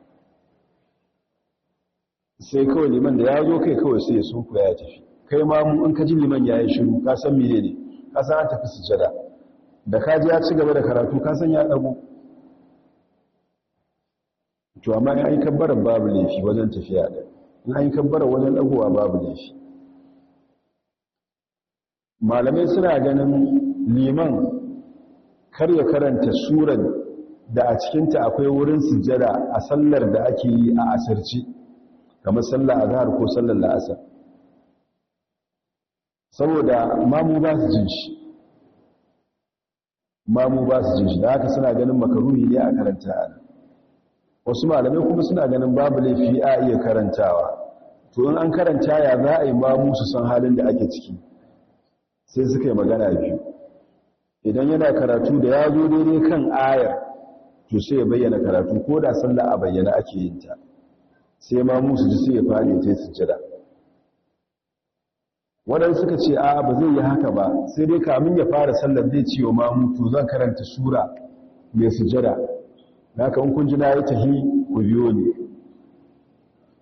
sai kawai liman da ya zo kai kawai sai ya suku ya tafi kai ma mu in ka ji liman ya yi shiru ka san mene ne ka san an tafi sujada da ka ji ya ci gaba da karatu ka san ya dago to amma in an yi kabbarar babu laifi wajen tafiya da in an yi kabbarar wajen dagowa babu laifi malamai suna ganin liman kar ya karanta surar da a cikinta akwai wurin sujada a sallar da ake yi a asirci kamar sallah azhar ko sallar la'asar saboda mamu ba su jin shi mamu ba su jin shi da haka suna ganin makaruhi ne a karanta ana wasu malamai kuma suna ganin babu laifi a iya karantawa to in an karanta ya za a yi mamu su san halin da ake ciki sai suka yi magana biyu idan yana karatu da ya zo daidai kan ayar to sai ya bayyana karatu ko da sallah a bayyana ake yin ta sai ma musu ji sai ya fadi su jira wadanda suka ce a ba zai yi haka ba sai dai kamun ya fara sallar zai ce wa mamu to zan karanta sura mai sujjada Na in kun ji na yi tahi ku biyo ni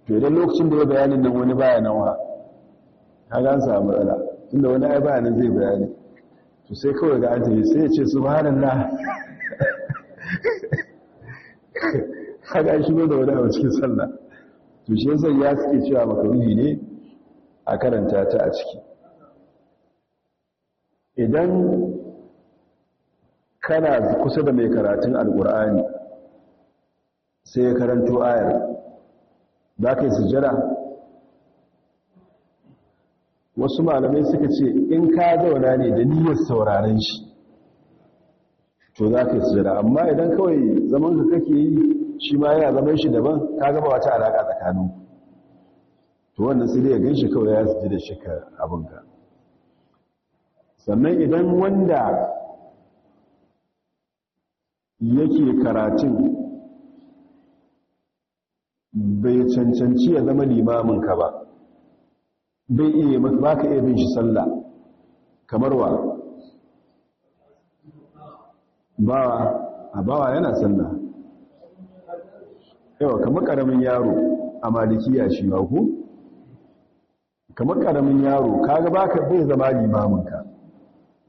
to idan lokacin da ya bayanin nan wani baya nawa kaga an samu matsala inda wani ai bayanin zai bayani to sai kawai ga an tafi sai ya ce subhanallah kaga shi da wani a cikin sallah to shi zai ya suke cewa makaruhi ne a karanta ta a ciki idan kana kusa da mai karatun alkur'ani sai ya karanto ayar za ka yi sujjara wasu malamai suka ce in ka zauna ne da niyyar sauraren shi to za ka yi sujjara amma idan kawai zaman ka kake yi shi ma yana zaman shi daban ka gaba wata alaƙa tsakanin to wannan sai dai ya gan shi kawai ya ji da shi ka abinka sannan idan wanda yake karatun bai cancanci ya zama limamin ka ba bai iya ba ka iya bin shi sallah kamar wa bawa a yana sallah yawa kamar karamin yaro a malikiya shi ba ku kamar karamin yaro kaga baka bai zama limamin ka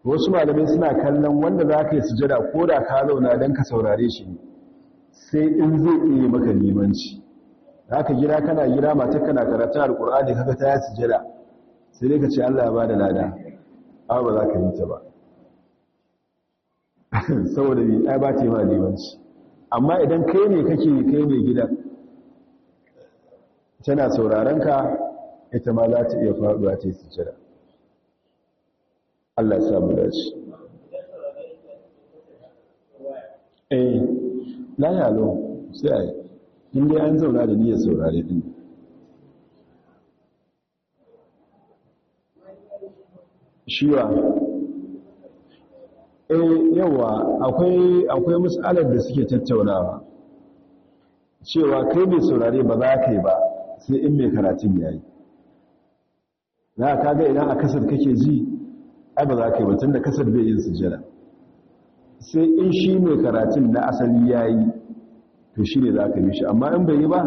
wasu malamai suna kallon wanda za ka yi sujada ko da ka zauna don ka saurare shi sai in zai iya maka limanci ka gida kana gida mata kana karatu alkur'ani kaga ta yi sujada sai dai ka ce Allah ya bada lada amma ba za ka yi ta ba saboda bi ai ba ta yi ma limanci amma idan kai ne kake kai mai gida, tana sauraron ka ita ma za ta iya faɗuwa ta yi sujjada Allah ya samu dace eh laya lo sai ai in dai an zauna da niyyar saurare din shiwa Eh, yawa akwai akwai mas'alar da suke tattaunawa cewa kai mai saurare ba za ka yi ba sai in mai karatun yi. za ka ga idan a kasar kake ji ai ba za ka yi ba tunda kasar bai yin sujjara sai in shi mai karatun na asali ya yi, to shi ne za ka yi shi amma in bai yi ba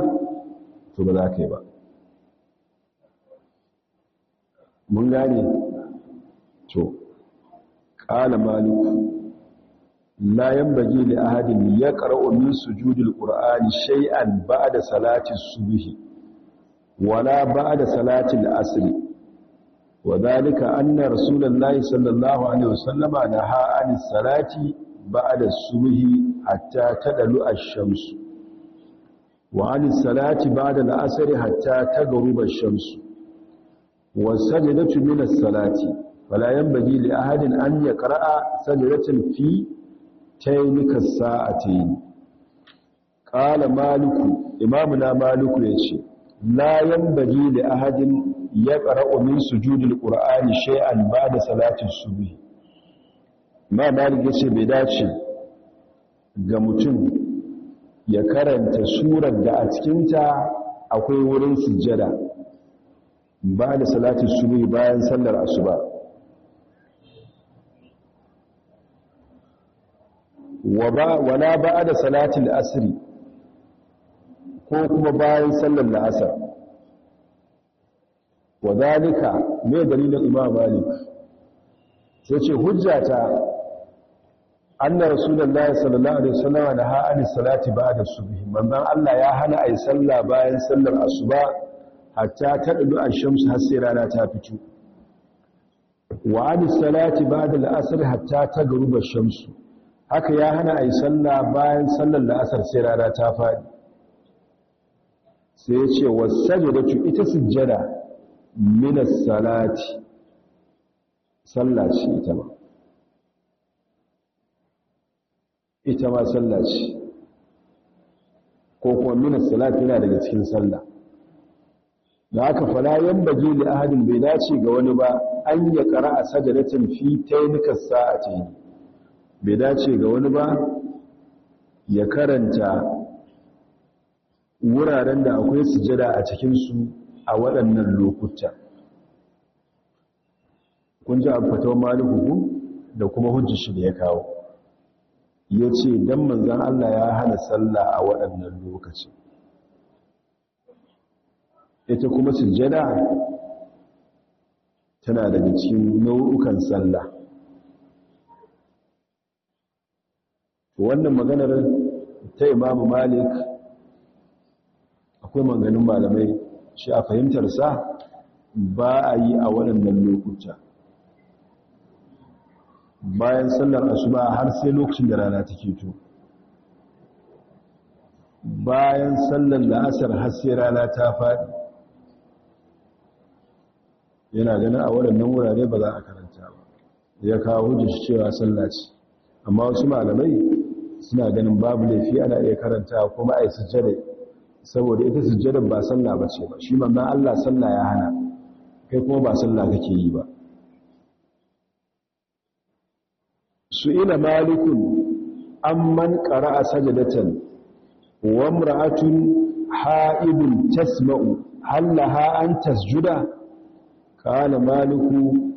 to ba za ka yi ba mun gane to qala malik la yanbaghi li ahadin yaqra'u min sujudil qur'ani shay'an da salatin subhi wala ba'da salati salatin asiri. wa dhalika anna rasulullahi sallallahu alaihi wasallama naha anis salati ba'da subhi hatta ɗalu a shamsu. wa anis salati ba'da da asr hatta tagruba ash shamsu. wa sajdatu min salati wala yanbaghi li ahadin an yaqra'a sadratin fi taynika sa'atayn qala maliku imamuna maliku yace la yanbaghi li ahadin yaqra'u min sujudil qur'ani shay'an ba'da salati subh ma malik yace bai dace ga mutum ya karanta surar da a cikinta akwai wurin sujada. ba da salatin subh bayan sallar asuba wala ba da salatin asiri ko kuma bayan sallar la'asar wa zalika mai dalilin imam malik sai ce hujjata annar rasulullahi sallallahu alaihi wasallam da ha an salati ba'da subhi manzon Allah ya hana ai sallah bayan sallar asuba hatta tadu ash-shams har sai rana ta fito wa an salati ba'da al-asr hatta tagruba ash-shams haka ya hana a yi sallah bayan sallar la'asar sai rana ta faɗi sai ya ce wasu da ita sujjada minas salati sallah ita ma ita ma sallah ko kuma minas salati yana daga cikin sallah da haka fala yan baje da ahadin bai dace ga wani ba an ya ƙara a sajadatin fi ta yi. bai dace ga wani ba ya karanta wuraren da akwai sujada a cikinsu a waɗannan lokuta kun ji abfatawar malikuku da kuma hujji shi da ya kawo ya ce don manzan Allah ya hana sallah a waɗannan lokaci ita kuma sujada tana daga cikin nau'ukan sallah wannan maganar ta imamu malik akwai maganin malamai shi a fahimtar sa ba a yi a waɗannan lokuta bayan sallar asuba har sai lokacin da rana take to bayan sallar la'asar har sai rana ta faɗi yana ganin a waɗannan wurare ba za a karanta ba ya kawo hujjar cewa sallaci amma wasu malamai suna ganin babu laifi ana iya karanta kuma ai sujjada saboda ita sujjada ba sallah ce ba shi manzon Allah sallah ya hana kai kuma ba sallah kake yi ba Su ina malikun amman qara'a sajdatan wa imra'atun ha'idun tasma'u hallaha an tasjuda kana maliku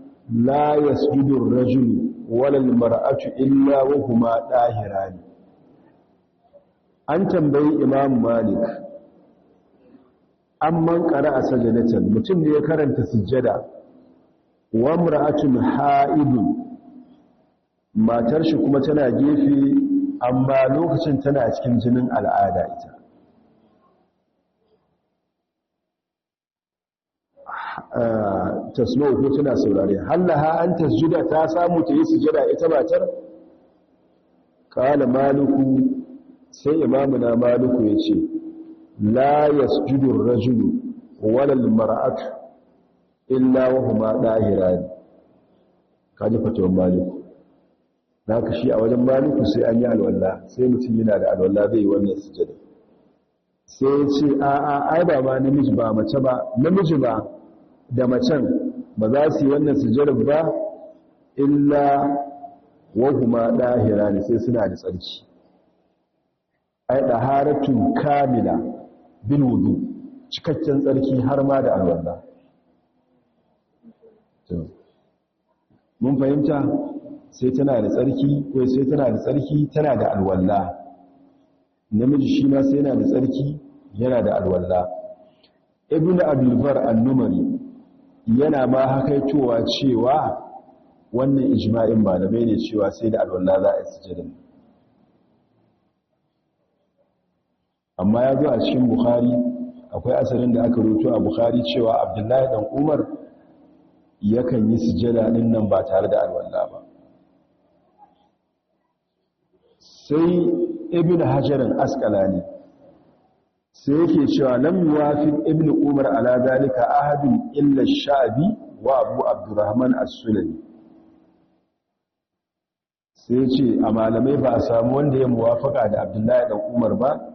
la yasjudu ar-rajulu wala al-mar'atu illa wa huma dahirani an tambayi imam malik an man a sajadatan mutum ne ya karanta sujjada wa mura'atun ha'idu matar shi kuma tana gefe amma lokacin tana cikin jinin al'ada ita tasmo ko tana saurare hallaha an tasjuda ta samu ta yi sujjada ita matar qala maliku sai imamu na maliku ya ce la yasjudun rajulu walal mar'at illa wa huma dahirani kaji fatawan maliku Na shi a wajen maliku sai an yi alwala sai mutum yana da alwala zai yi wannan sujada sai ya ce a a ai ba ma namiji ba mace ba namiji ba da macen ba za su yi wannan sujada ba illa wa huma ne sai suna da tsarki ai Haratun kamila bil wudu cikakken tsarki har ma da alwala mun fahimta sai tana da tsarki ko sai tana da tsarki tana da alwala namiji shi ma sai yana da tsarki yana da alwala ibnu abdulbar an yana ma hakaitowa cewa wannan ijma'in malamai ne cewa sai da alwala za a yi sujudin amma ya zo a cikin bukhari akwai asalin da aka rubuto a bukhari cewa abdullahi dan umar yakan yi sujada din nan ba tare da alwala ba sai ibn hajarin askalani sai yake cewa lam yuwafiq ibn umar ala zalika ahadin illa sha'bi wa abu abdurrahman as-sulami sai ce a malamai ba a samu wanda ya muwafaka da abdullahi dan umar ba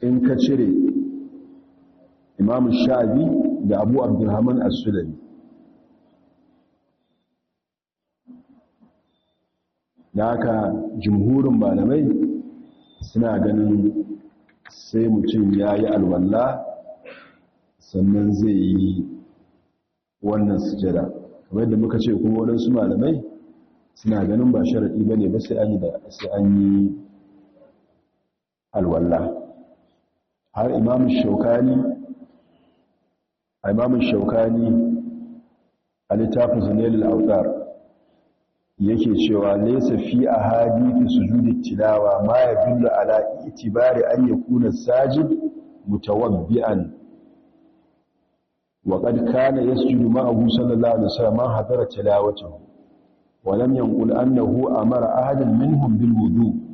in ka cire imam shabi da abu abdulhaman as-sulami da haka jimhurin malamai suna ganin sai mutum ya yi alwallah sannan zai yi wannan sujada kamar yadda muka ce kuma waɗansu malamai suna ganin ba sharaɗi ba ne ba sai an yi alwallah har imamun shaukani imamun shaukani a littafin zunelul autar yake cewa laysa fi su sujudit tilawa ma yadullu ala itibari an yakuna sajid mutawabbi'an wa qad kana yasjudu ma'ahu sallallahu alaihi wasallam hadara tilawatihi wa lam yanqul annahu amara ahadan minhum bil wudu'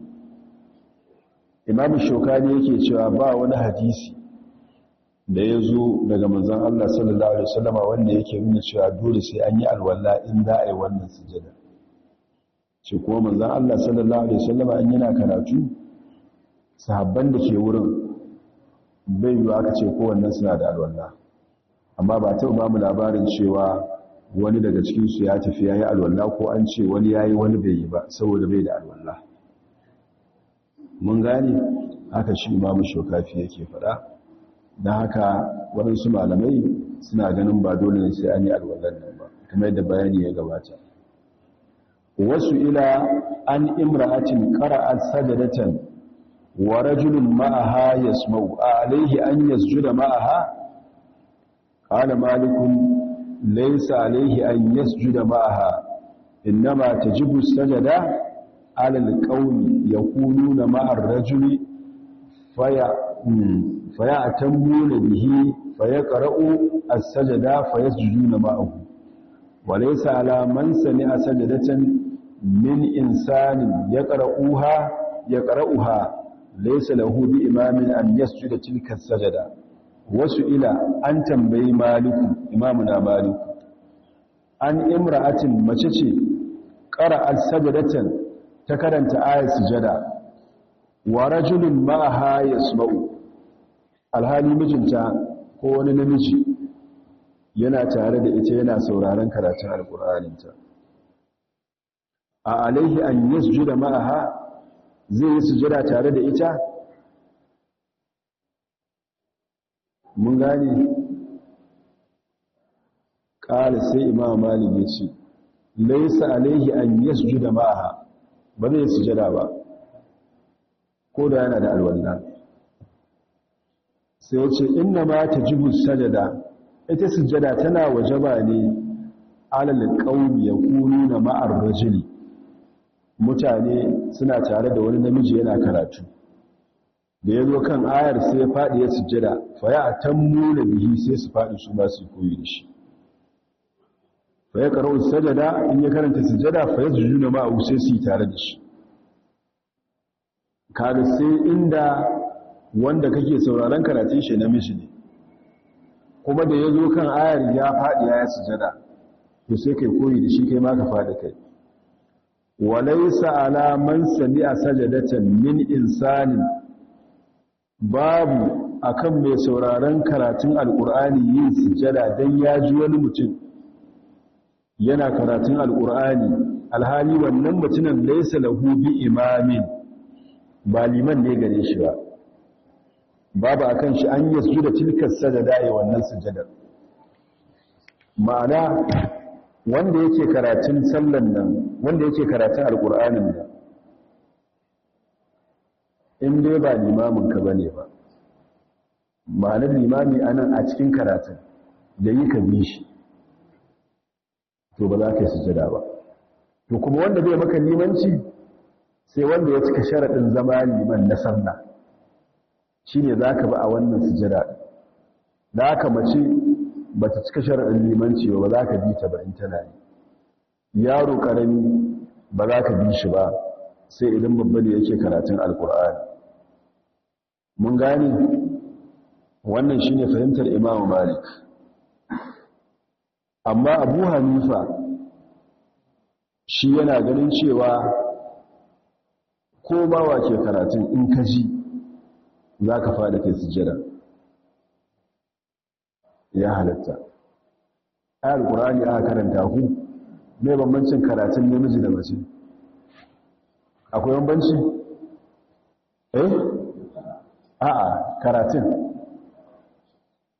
imamu shokani yake cewa ba wani hadisi da ya zo daga manzan Allah sallallahu Alaihi wasallama wanda yake nuna cewa dole sai an yi alwalla in za a yi wannan sujada ce kuma manzan Allah sallallahu Alaihi wasallama in yana karatu sahabban da ke wurin bai yiwu aka ce kowannan suna da alwalla? amma ba ta ba mu labarin cewa wani daga cikinsu ya tafi ya yi alwalla ko an ce wani ya yi wani bai yi ba saboda bai da alwalla. mun gane haka shi imamu shokafi yake faɗa don haka waɗansu malamai suna ganin ba dole ne sai an yi alwallan nan ba kamar yadda bayani ya gabata wasu ila an imra'atin qara'at sajadatan wa rajulun ma'aha yasma'u alayhi an yasjuda ma'aha qala malikun laysa alayhi an yasjuda ma'aha innama tajibu sajada alal qaumi yakununa ma'ar rajuli faya hmm, faya atamuna bihi fayaqra'u as-sajda fayasjuduna ma'ahu wa laysa ala man sami'a sajdatan min insanin yaqra'uha yaqra'uha laysa lahu bi imamin an yasjuda tilka as-sajda wasu ila an tambayi maliku imamu na maliku an imra'atin mace ce qara'at sajdatan ta karanta ayat sujada wa rajulun ma'aha yasma'u alhali mijinta ko wani namiji yana tare da ita yana sauraron karatun alƙur'aninta a alaihi an yasjuda ma'aha zai yi sujada tare da ita mun gane ƙara sai imam malik ya ce laisa alaihi an yasjuda ma'aha ba zai sujada ba ko da yana da alwalla sai ya ce inna ma ta jibu sajada ita sujada tana waje ba ne alal kunu na ma'ar rajuli mutane suna tare da wani namiji yana karatu da ya zo kan ayar sai ya faɗi ya sujada, fa ya tammu da bihi sai su faɗi su ba su koyi da shi fa ya sajada in ya karanta sujada fa ya sujuna ma a sai su tare da shi kaga sai inda wanda kake sauraron karatun shi na mishi ne kuma da ya zo kan ayar ya faɗi ya sujada to sai kai koyi da shi kai ma ka faɗi kai walaisa ala man sami'a sajadatan min insanin babu akan mai sauraron karatun alkur'ani yin sujada dan ya ji wani mutum yana karatun alqur'ani alhali wannan mutumin laysa lahu bi imamin ba liman ne gare shi ba babu akan shi an da tilka sajada ya wannan sujadar ma'ana wanda yake karatun sallan nan wanda yake karatun alqur'anin nan in dai ba limamin ka bane ba ma'anar limami anan a cikin karatun da yi ka bi shi to ba za ka yi sujada ba to kuma wanda zai maka limanci sai wanda ya cika sharaɗin zama liman na sanna. shi ne za ka ba a wannan sujada da aka mace ba ta cika sharaɗin limanci ba ba za ka bi ta ba in tana yi yaro ƙarami ba za ka bi shi ba sai idan babbali yake karatun alkur'ani mun gane wannan shi ne fahimtar imamu malik amma abu hanifa shi yana ganin cewa ko bawa ke karatun in ka ji za ka fada kai sujjada ya halatta ayar ƙurani aka karanta ku mai bambancin karatun namiji da mace akwai bambanci eh a'a karatun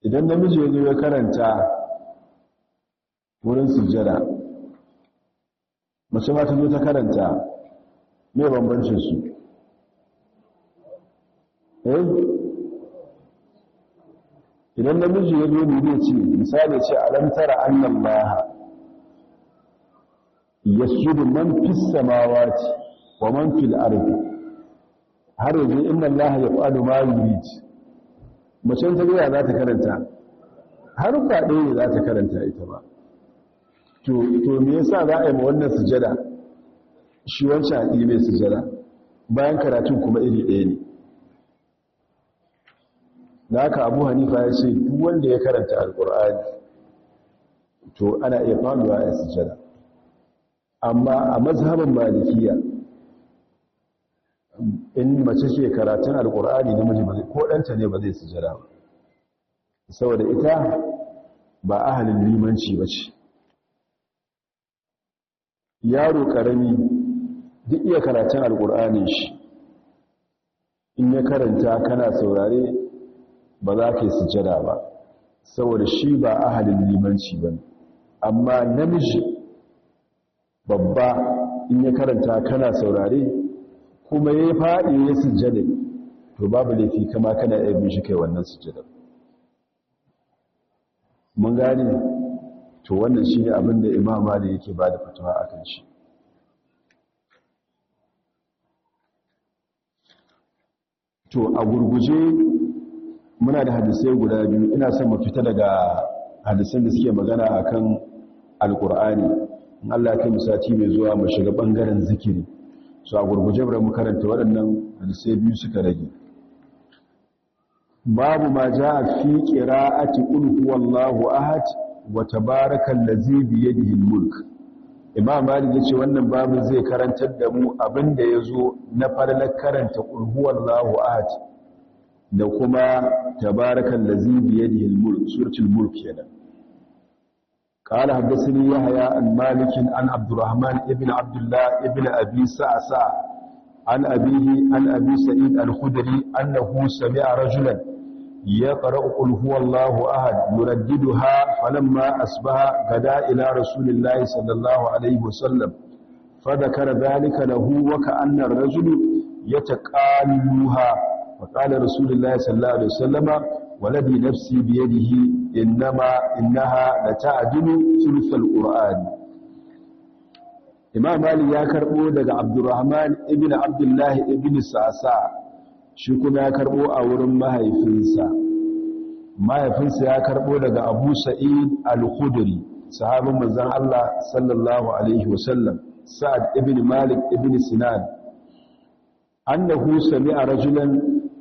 idan namiji ya zo ya karanta wurin sujjada mace ma ta zo ta karanta mai bambancin su eh idan namiji ya zo ne ce misali ce alam tara annallaha yasjudu man fis samawati wa man fil ardi har yanzu inna allaha yaqalu ma yurid mace ta zo za ta karanta har ba ɗaya za ta karanta ita ba to me yasa za a yi ma wannan sujada shi wancan haɗi mai sujada bayan karatun kuma iri ɗaya ne da haka abu hanifa ya ce duk wanda ya karanta Alƙur'ani? to ana iya faɗuwa a sujada amma a mazhabin malikiya in mace ce karatun alkur'ani namiji ko ɗanta ne ba zai sujada ba saboda ita ba ahalin limanci ba ce yaro karami duk iya karatun alkur'ani shi in ya karanta kana saurare ba za ka yi sujada ba saboda shi ba ahalin limanci ba amma namiji babba in ya karanta kana saurare kuma ya faɗi ya sujada to babu laifi kama kana ɗaya bin shi kai wannan sujada mun gane to wannan shi ne abin da imam malik yake ba da fatawa a shi to a gurguje muna da hadisai guda biyu ina son mu fita daga hadisan da suke magana akan Alƙur'ani, in Allah ya kai sati mai zuwa mu shiga bangaren zikiri so a gurguje bara mu karanta waɗannan hadisai biyu suka rage babu ma jaa fi qira'ati qul huwallahu ahad wa Lazibi ladzi bi mulk imam malik ce wannan babu zai karantar da mu abinda zo na farlar karanta qul huwallahu ahad da kuma tabarakan Lazibi bi mulk suratul mulk kenan قال حدثني يحيى عن مالك عن عبد الرحمن ابن عبد الله ابن ابي سعسع عن ابيه عن ابي سعيد الخدري انه سمع رجلا ya fara ƙulhuwallahu ahad Muraddidu ha falamma asbaha gada ila rasulillahi sallallahu alaihi wasallam fada kara zalika da huwa ka annar rajulu ya ta ƙaluha wa ƙalar rasulillahi sallallahu alaihi wasallama waladi nafsi biyadihi innaha da ta adini sulfal ƙur'ani imam ali ya karɓo daga Abdurrahman ibn abdullahi ibn sasa shi kuma ya karbo a wurin mahaifinsa mahaifinsa ya karbo daga abu sa'id al-khudri sahabin manzon Allah sallallahu alaihi wasallam sa'ad ibn malik ibn sinan annahu sami'a rajulan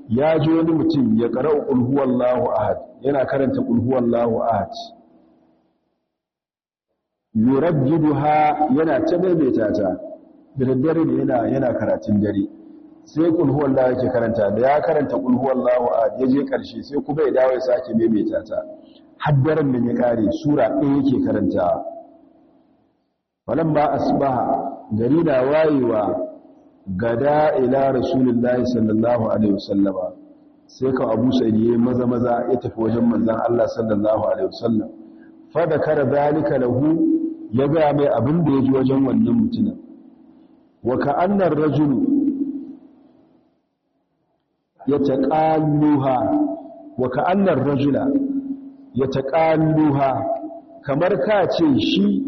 ya ji wani mutum ya qara'u qul huwallahu ahad yana karanta qul huwallahu ahad yuraddidha yana ta maimaita ta da daddare yana yana karatun dare sai kulhuwallahu yake karanta da ya karanta kulhuwallahu a yaje karshe sai kuma ya dawo ya sake maimaita ta haddaran da ya kare sura ɗaya yake karanta ba asbaha gari na wayewa gada ila rasulullahi sallallahu alaihi wasallama sai ka abu sa'id ya maza maza ya tafi wajen manzon Allah sallallahu alaihi wasallam fa da zalika lahu ya ga mai abin da ya ji wajen wannan mutumin wa ka annar rajulu yataqalluha wa ar rajula yataqalluha kamar ka ce shi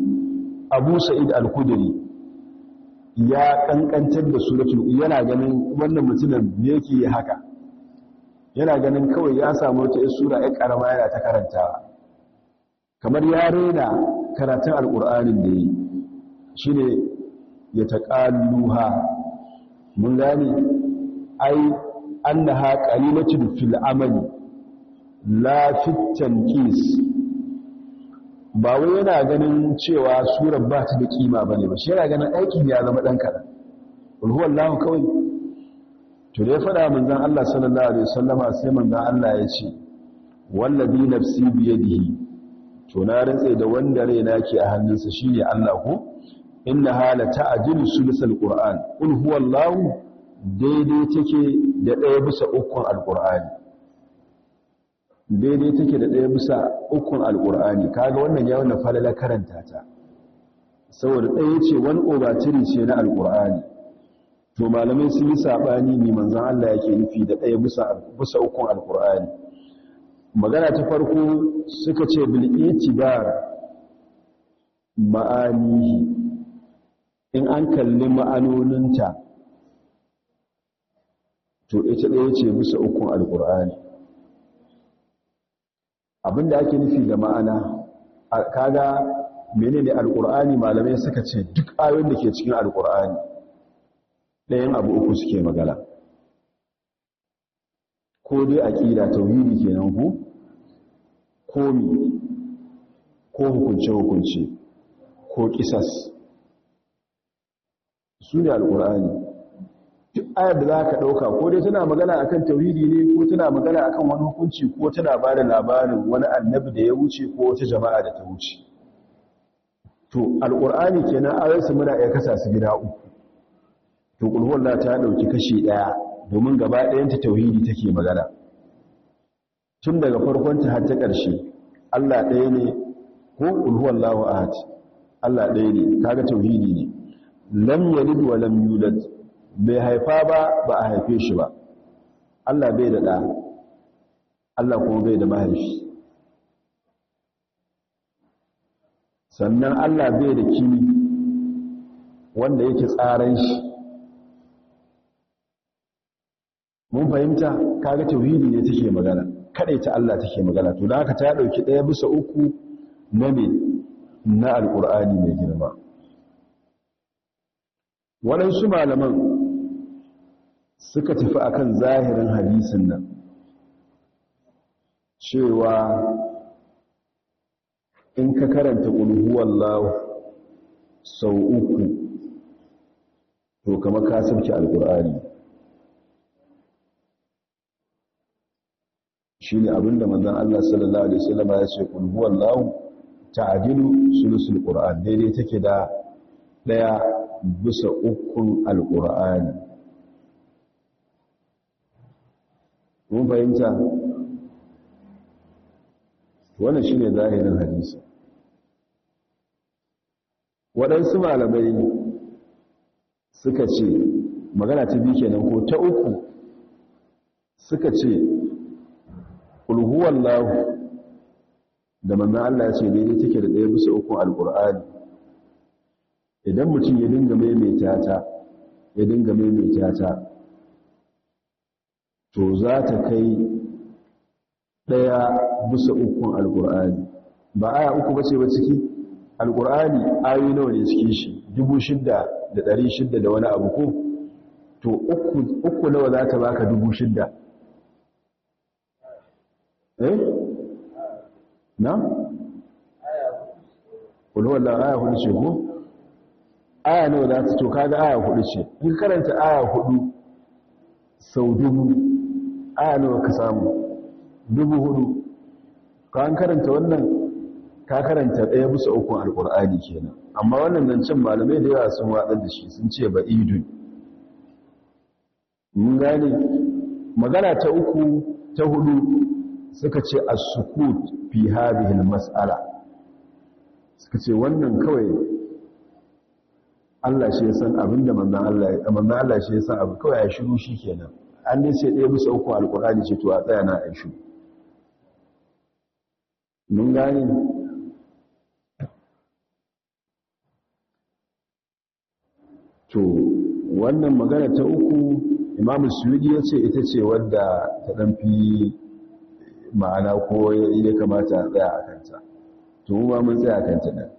Abu Sa'id al-Khudri ya kankantar da suratul yana ganin wannan mutumin me yake haka yana ganin kawai ya samu wata sura ai karama yana ta karanta kamar ya rena karatun al alkur'anin da yi shine ya mun gane ai annaha qalilatun fil amali la ba wai yana ganin cewa surar ba ta da kima bane ba shi yana ganin aikin ya zama dan kadan kul huwallahu kawai to da ya fada manzon Allah sallallahu alaihi wasallama sai manzon Allah ya ce wallazi nafsi biyadihi to na rantsa da wanda raina ke a hannunsa shine Allah ko innaha hala ta'dilu sulusal qur'an kul huwallahu daidai take da ɗaya bisa ukun alƙur'ani daidai take da ɗaya bisa ukun kaga wannan ya wannan falala karanta ta saboda ɗaya ce wani obatiri ce na alƙur'ani to malamai sun yi saɓani mai manzan Allah yake nufi da ɗaya bisa ukun alƙur'ani magana ta farko suka ce ba ma'anihi in an kalli ma'anoninta to ita ɗaya ce bisa ukun alkur'ani abinda ake nufi da ma'ana kaga menene Alƙur'ani malamai suka ce duk ayoyin da ke cikin alkur'ani ɗayan abu uku suke magana ko dai a aqida tauhidi kenan ku ko mi ko hukunce hukunce ko kisas su ne alkur'ani duk ayar da za ka ɗauka ko dai tana magana akan tauhidi ne ko tana magana akan wani hukunci ko tana ba da labarin wani annabi da ya wuce ko wata jama'a da ta wuce to alƙur'ani kenan ayarsu muna ya kasa su gida uku to ƙulhuwallah ta ɗauki kashi ɗaya domin gaba ɗayanta tauhidi take magana tun daga farkon ta ta ƙarshe allah ɗaya ne ko ƙulhuwallahu ahad allah ɗaya ne kaga tauhidi ne lam yalid wa lam yulad bai haifa ba ba a haife shi ba Allah bai da ɗa Allah kuma bai da mahaifi sannan Allah bai da kimi wanda yake tsaran shi mun fahimta kaga tauhidi ne take magana ta Allah take magana to da haka ta dauki daya bisa uku na ne na alqur'ani mai girma waɗansu malaman suka tafi akan zahirin hadisin nan cewa in ka karanta wallahu sau uku to kama ka sauke alƙur'ani shi ne abinda manzan Allah sallallahu Alaihi wasallam ya ce ƙulhuwallahu ta'adilu sulusul ƙur'an daidai take da ɗaya bisa ukun alƙur'ani mun fahimta wannan shi ne zahirin hadisi waɗansu malamai suka ce magana ta biyu kenan ko ta uku suka ce ulhuwallahu da manna Allah ce ne take da ɗaya bisa uku Al-ƙur'ani. idan mutum ya dinga maimaita ta ya dinga maimaita ta to za ta kai ɗaya bisa ukun alƙur'ani ba aya uku ba ce ba ciki alƙur'ani ayoyi nawa ne cikin shi dubu shidda da ɗari shidda da wani abu ko to uku nawa za ta baka dubu shidda eh na? ƙulhuwallah aya hudu ce ko? aya nawa za ta to kaga aya hudu ce in karanta aya hudu sau dubu aya nawa ka samu dubu hudu ka an karanta wannan ka karanta ɗaya bisa ukun alƙur'ani kenan amma wannan nan, cin malamai da yawa sun watsar da shi sun ce ba idun mun gane magana ta uku ta hudu suka ce a sukut fi hadhihi masala suka ce wannan kawai Allah shi ya san abin da manzan Allah shi ya san abu kawai ya shiru kenan. an dai sai ɗaya bisa uku alkur'ani ce to a tsaya na aishu mun gani to wannan magana ta uku imamu suyudi ya ce ita ce wadda ta ɗanfi ma'ana ko ya kamata a tsaya a kanta to ba mun tsaya a kanta ɗan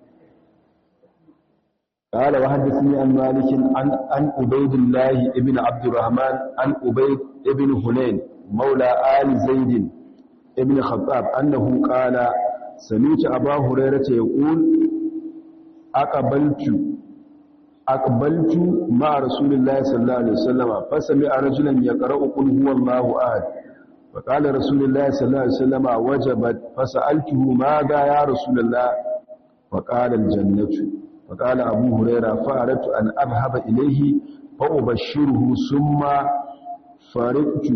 قال وحدثني عن مالك عن عن عبيد الله ابن عبد الرحمن عن عبيد ابن هلين مولى آل زيد ابن خطاب أنه قال سمعت أبا هريرة يقول أقبلت أقبلت مع رسول الله صلى الله عليه وسلم فسمع رجلا يقرأ قل هو الله أحد فقال رسول الله صلى الله عليه وسلم وجبت فسألته ماذا يا رسول الله فقال الجنة فقال أبو هريرة فأردت أن أذهب إليه فأبشره ثم فرقت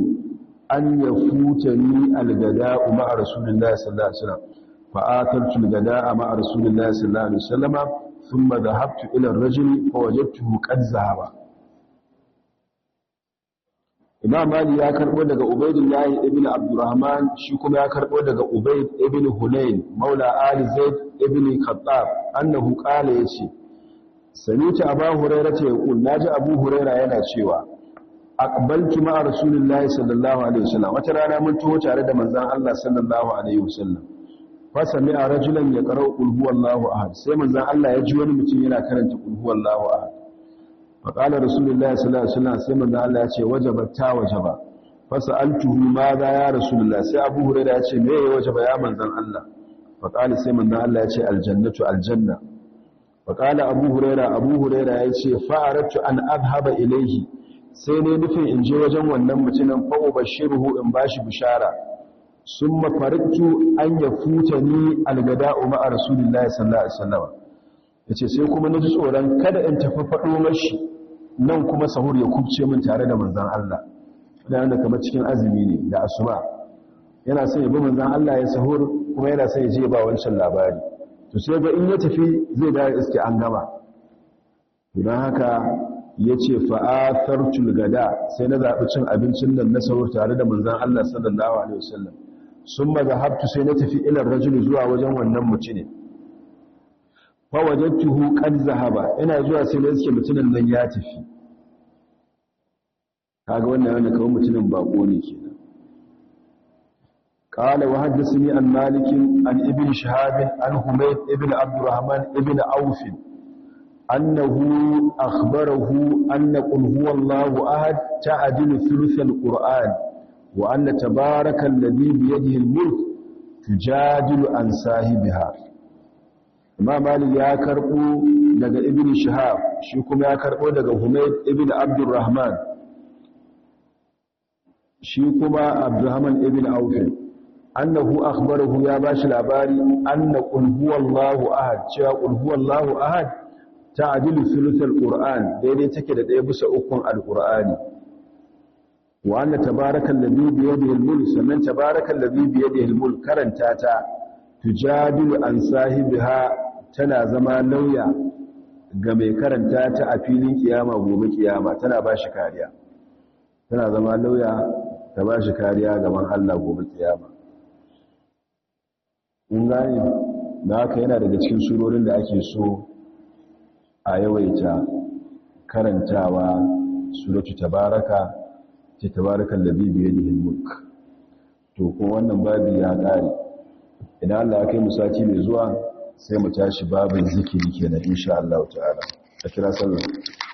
أن يفوتني الغداء مع رسول الله صلى الله عليه وسلم فآتلت الغداء مع رسول الله صلى الله عليه وسلم ثم ذهبت إلى الرجل فوجدته قد ذهب Imam Ali ya karbo daga Ubaydullah ibn Abdurrahman shi kuma ya karbo daga Ubayd ibn Hulayn maula Ali Zaid ibn khattab annahu qala yace sami'tu abu hurairah ce yaqul naji abu hurairah yana cewa aqbaltu ma'a Rasulullahi sallallahu alaihi wasallam wata rana mun tuho tare da manzon Allah sallallahu alaihi wasallam fa sami'a rajulan yaqra'u qul huwallahu ahad sai manzon Allah ya ji wani mutum yana karanta qul huwallahu ahad fa qala rasulullahi sallallahu alaihi wasallam sai manzon Allah ya ce wajaba ta wajaba fa sa'altuhu ma za ya rasulullahi sai abu hurairah ya ce me ya wajaba ya manzon Allah faƙali sai manna Allah ya ce aljannatu aljanna faƙali abu huraira abu huraira ya ce fa'aratu an adhaba ilaihi sai ne nufin in je wajen wannan mutumin fa'o bashiruhu in bashi bishara sun mafarittu an ya futa ni algada'u ma'a rasulullahi sallallahu alaihi ya ce sai kuma na ji tsoron kada in tafi faɗo mashi nan kuma sahur ya kubce min tare da manzan Allah da yana kamar cikin azumi ne da asuba yana son ya bi manzan Allah ya sahur kuma yana sai ya je ba wancan labari to sai ga in ya tafi zai da iske an gama don haka ya ce fa'athar gada sai na zabi cin abincin nan na sahur tare da manzon Allah sallallahu Alaihi wasallam sun maza sai na tafi ila rajulu zuwa wajen wannan mutum ne fawajen tuhu ƙar zahaba ina zuwa sai na iske mutunan nan ya tafi kaga wannan wani kawai mutumin baƙo ne ke قال وحدثني عن مالك عن ابن شهاب عن حميد ابن عبد الرحمن ابن عوف أنه أخبره أن قل هو الله أحد تعدل ثلث القرآن وأن تبارك الذي بيده الملك تجادل عن صاحبها ما مالك يا كربو daga ibn shihab shi kuma ya karbo daga humayd ibn abdurrahman shi kuma abdurrahman ibn aufin annahu akhbarahu ya bashi labari anna qul huwallahu ahad cewa qul huwallahu ahad ta'dilu thuluthal qur'an daidai take da daya bisa ukun alqur'ani wa anna tabarakal ladhi bi yadihi almulk sannan tabarakal ladhi bi yadihi almulk karanta ta tujadilu an sahibiha tana zama lauya ga mai karanta ta a filin kiyama gobe kiyama tana bashi kariya tana zama lauya ta bashi kariya gaban Allah gobe kiyama kun gane da haka yana daga cikin surorin da ake so a yawaita karantawa suratu tabaraka ce tabarakan da bibiyar mulk to ko wannan babi ya ƙare idan allah ya kai mu sati mai zuwa sai mu tashi babin zikiri kenan insha allah ta'ala a kira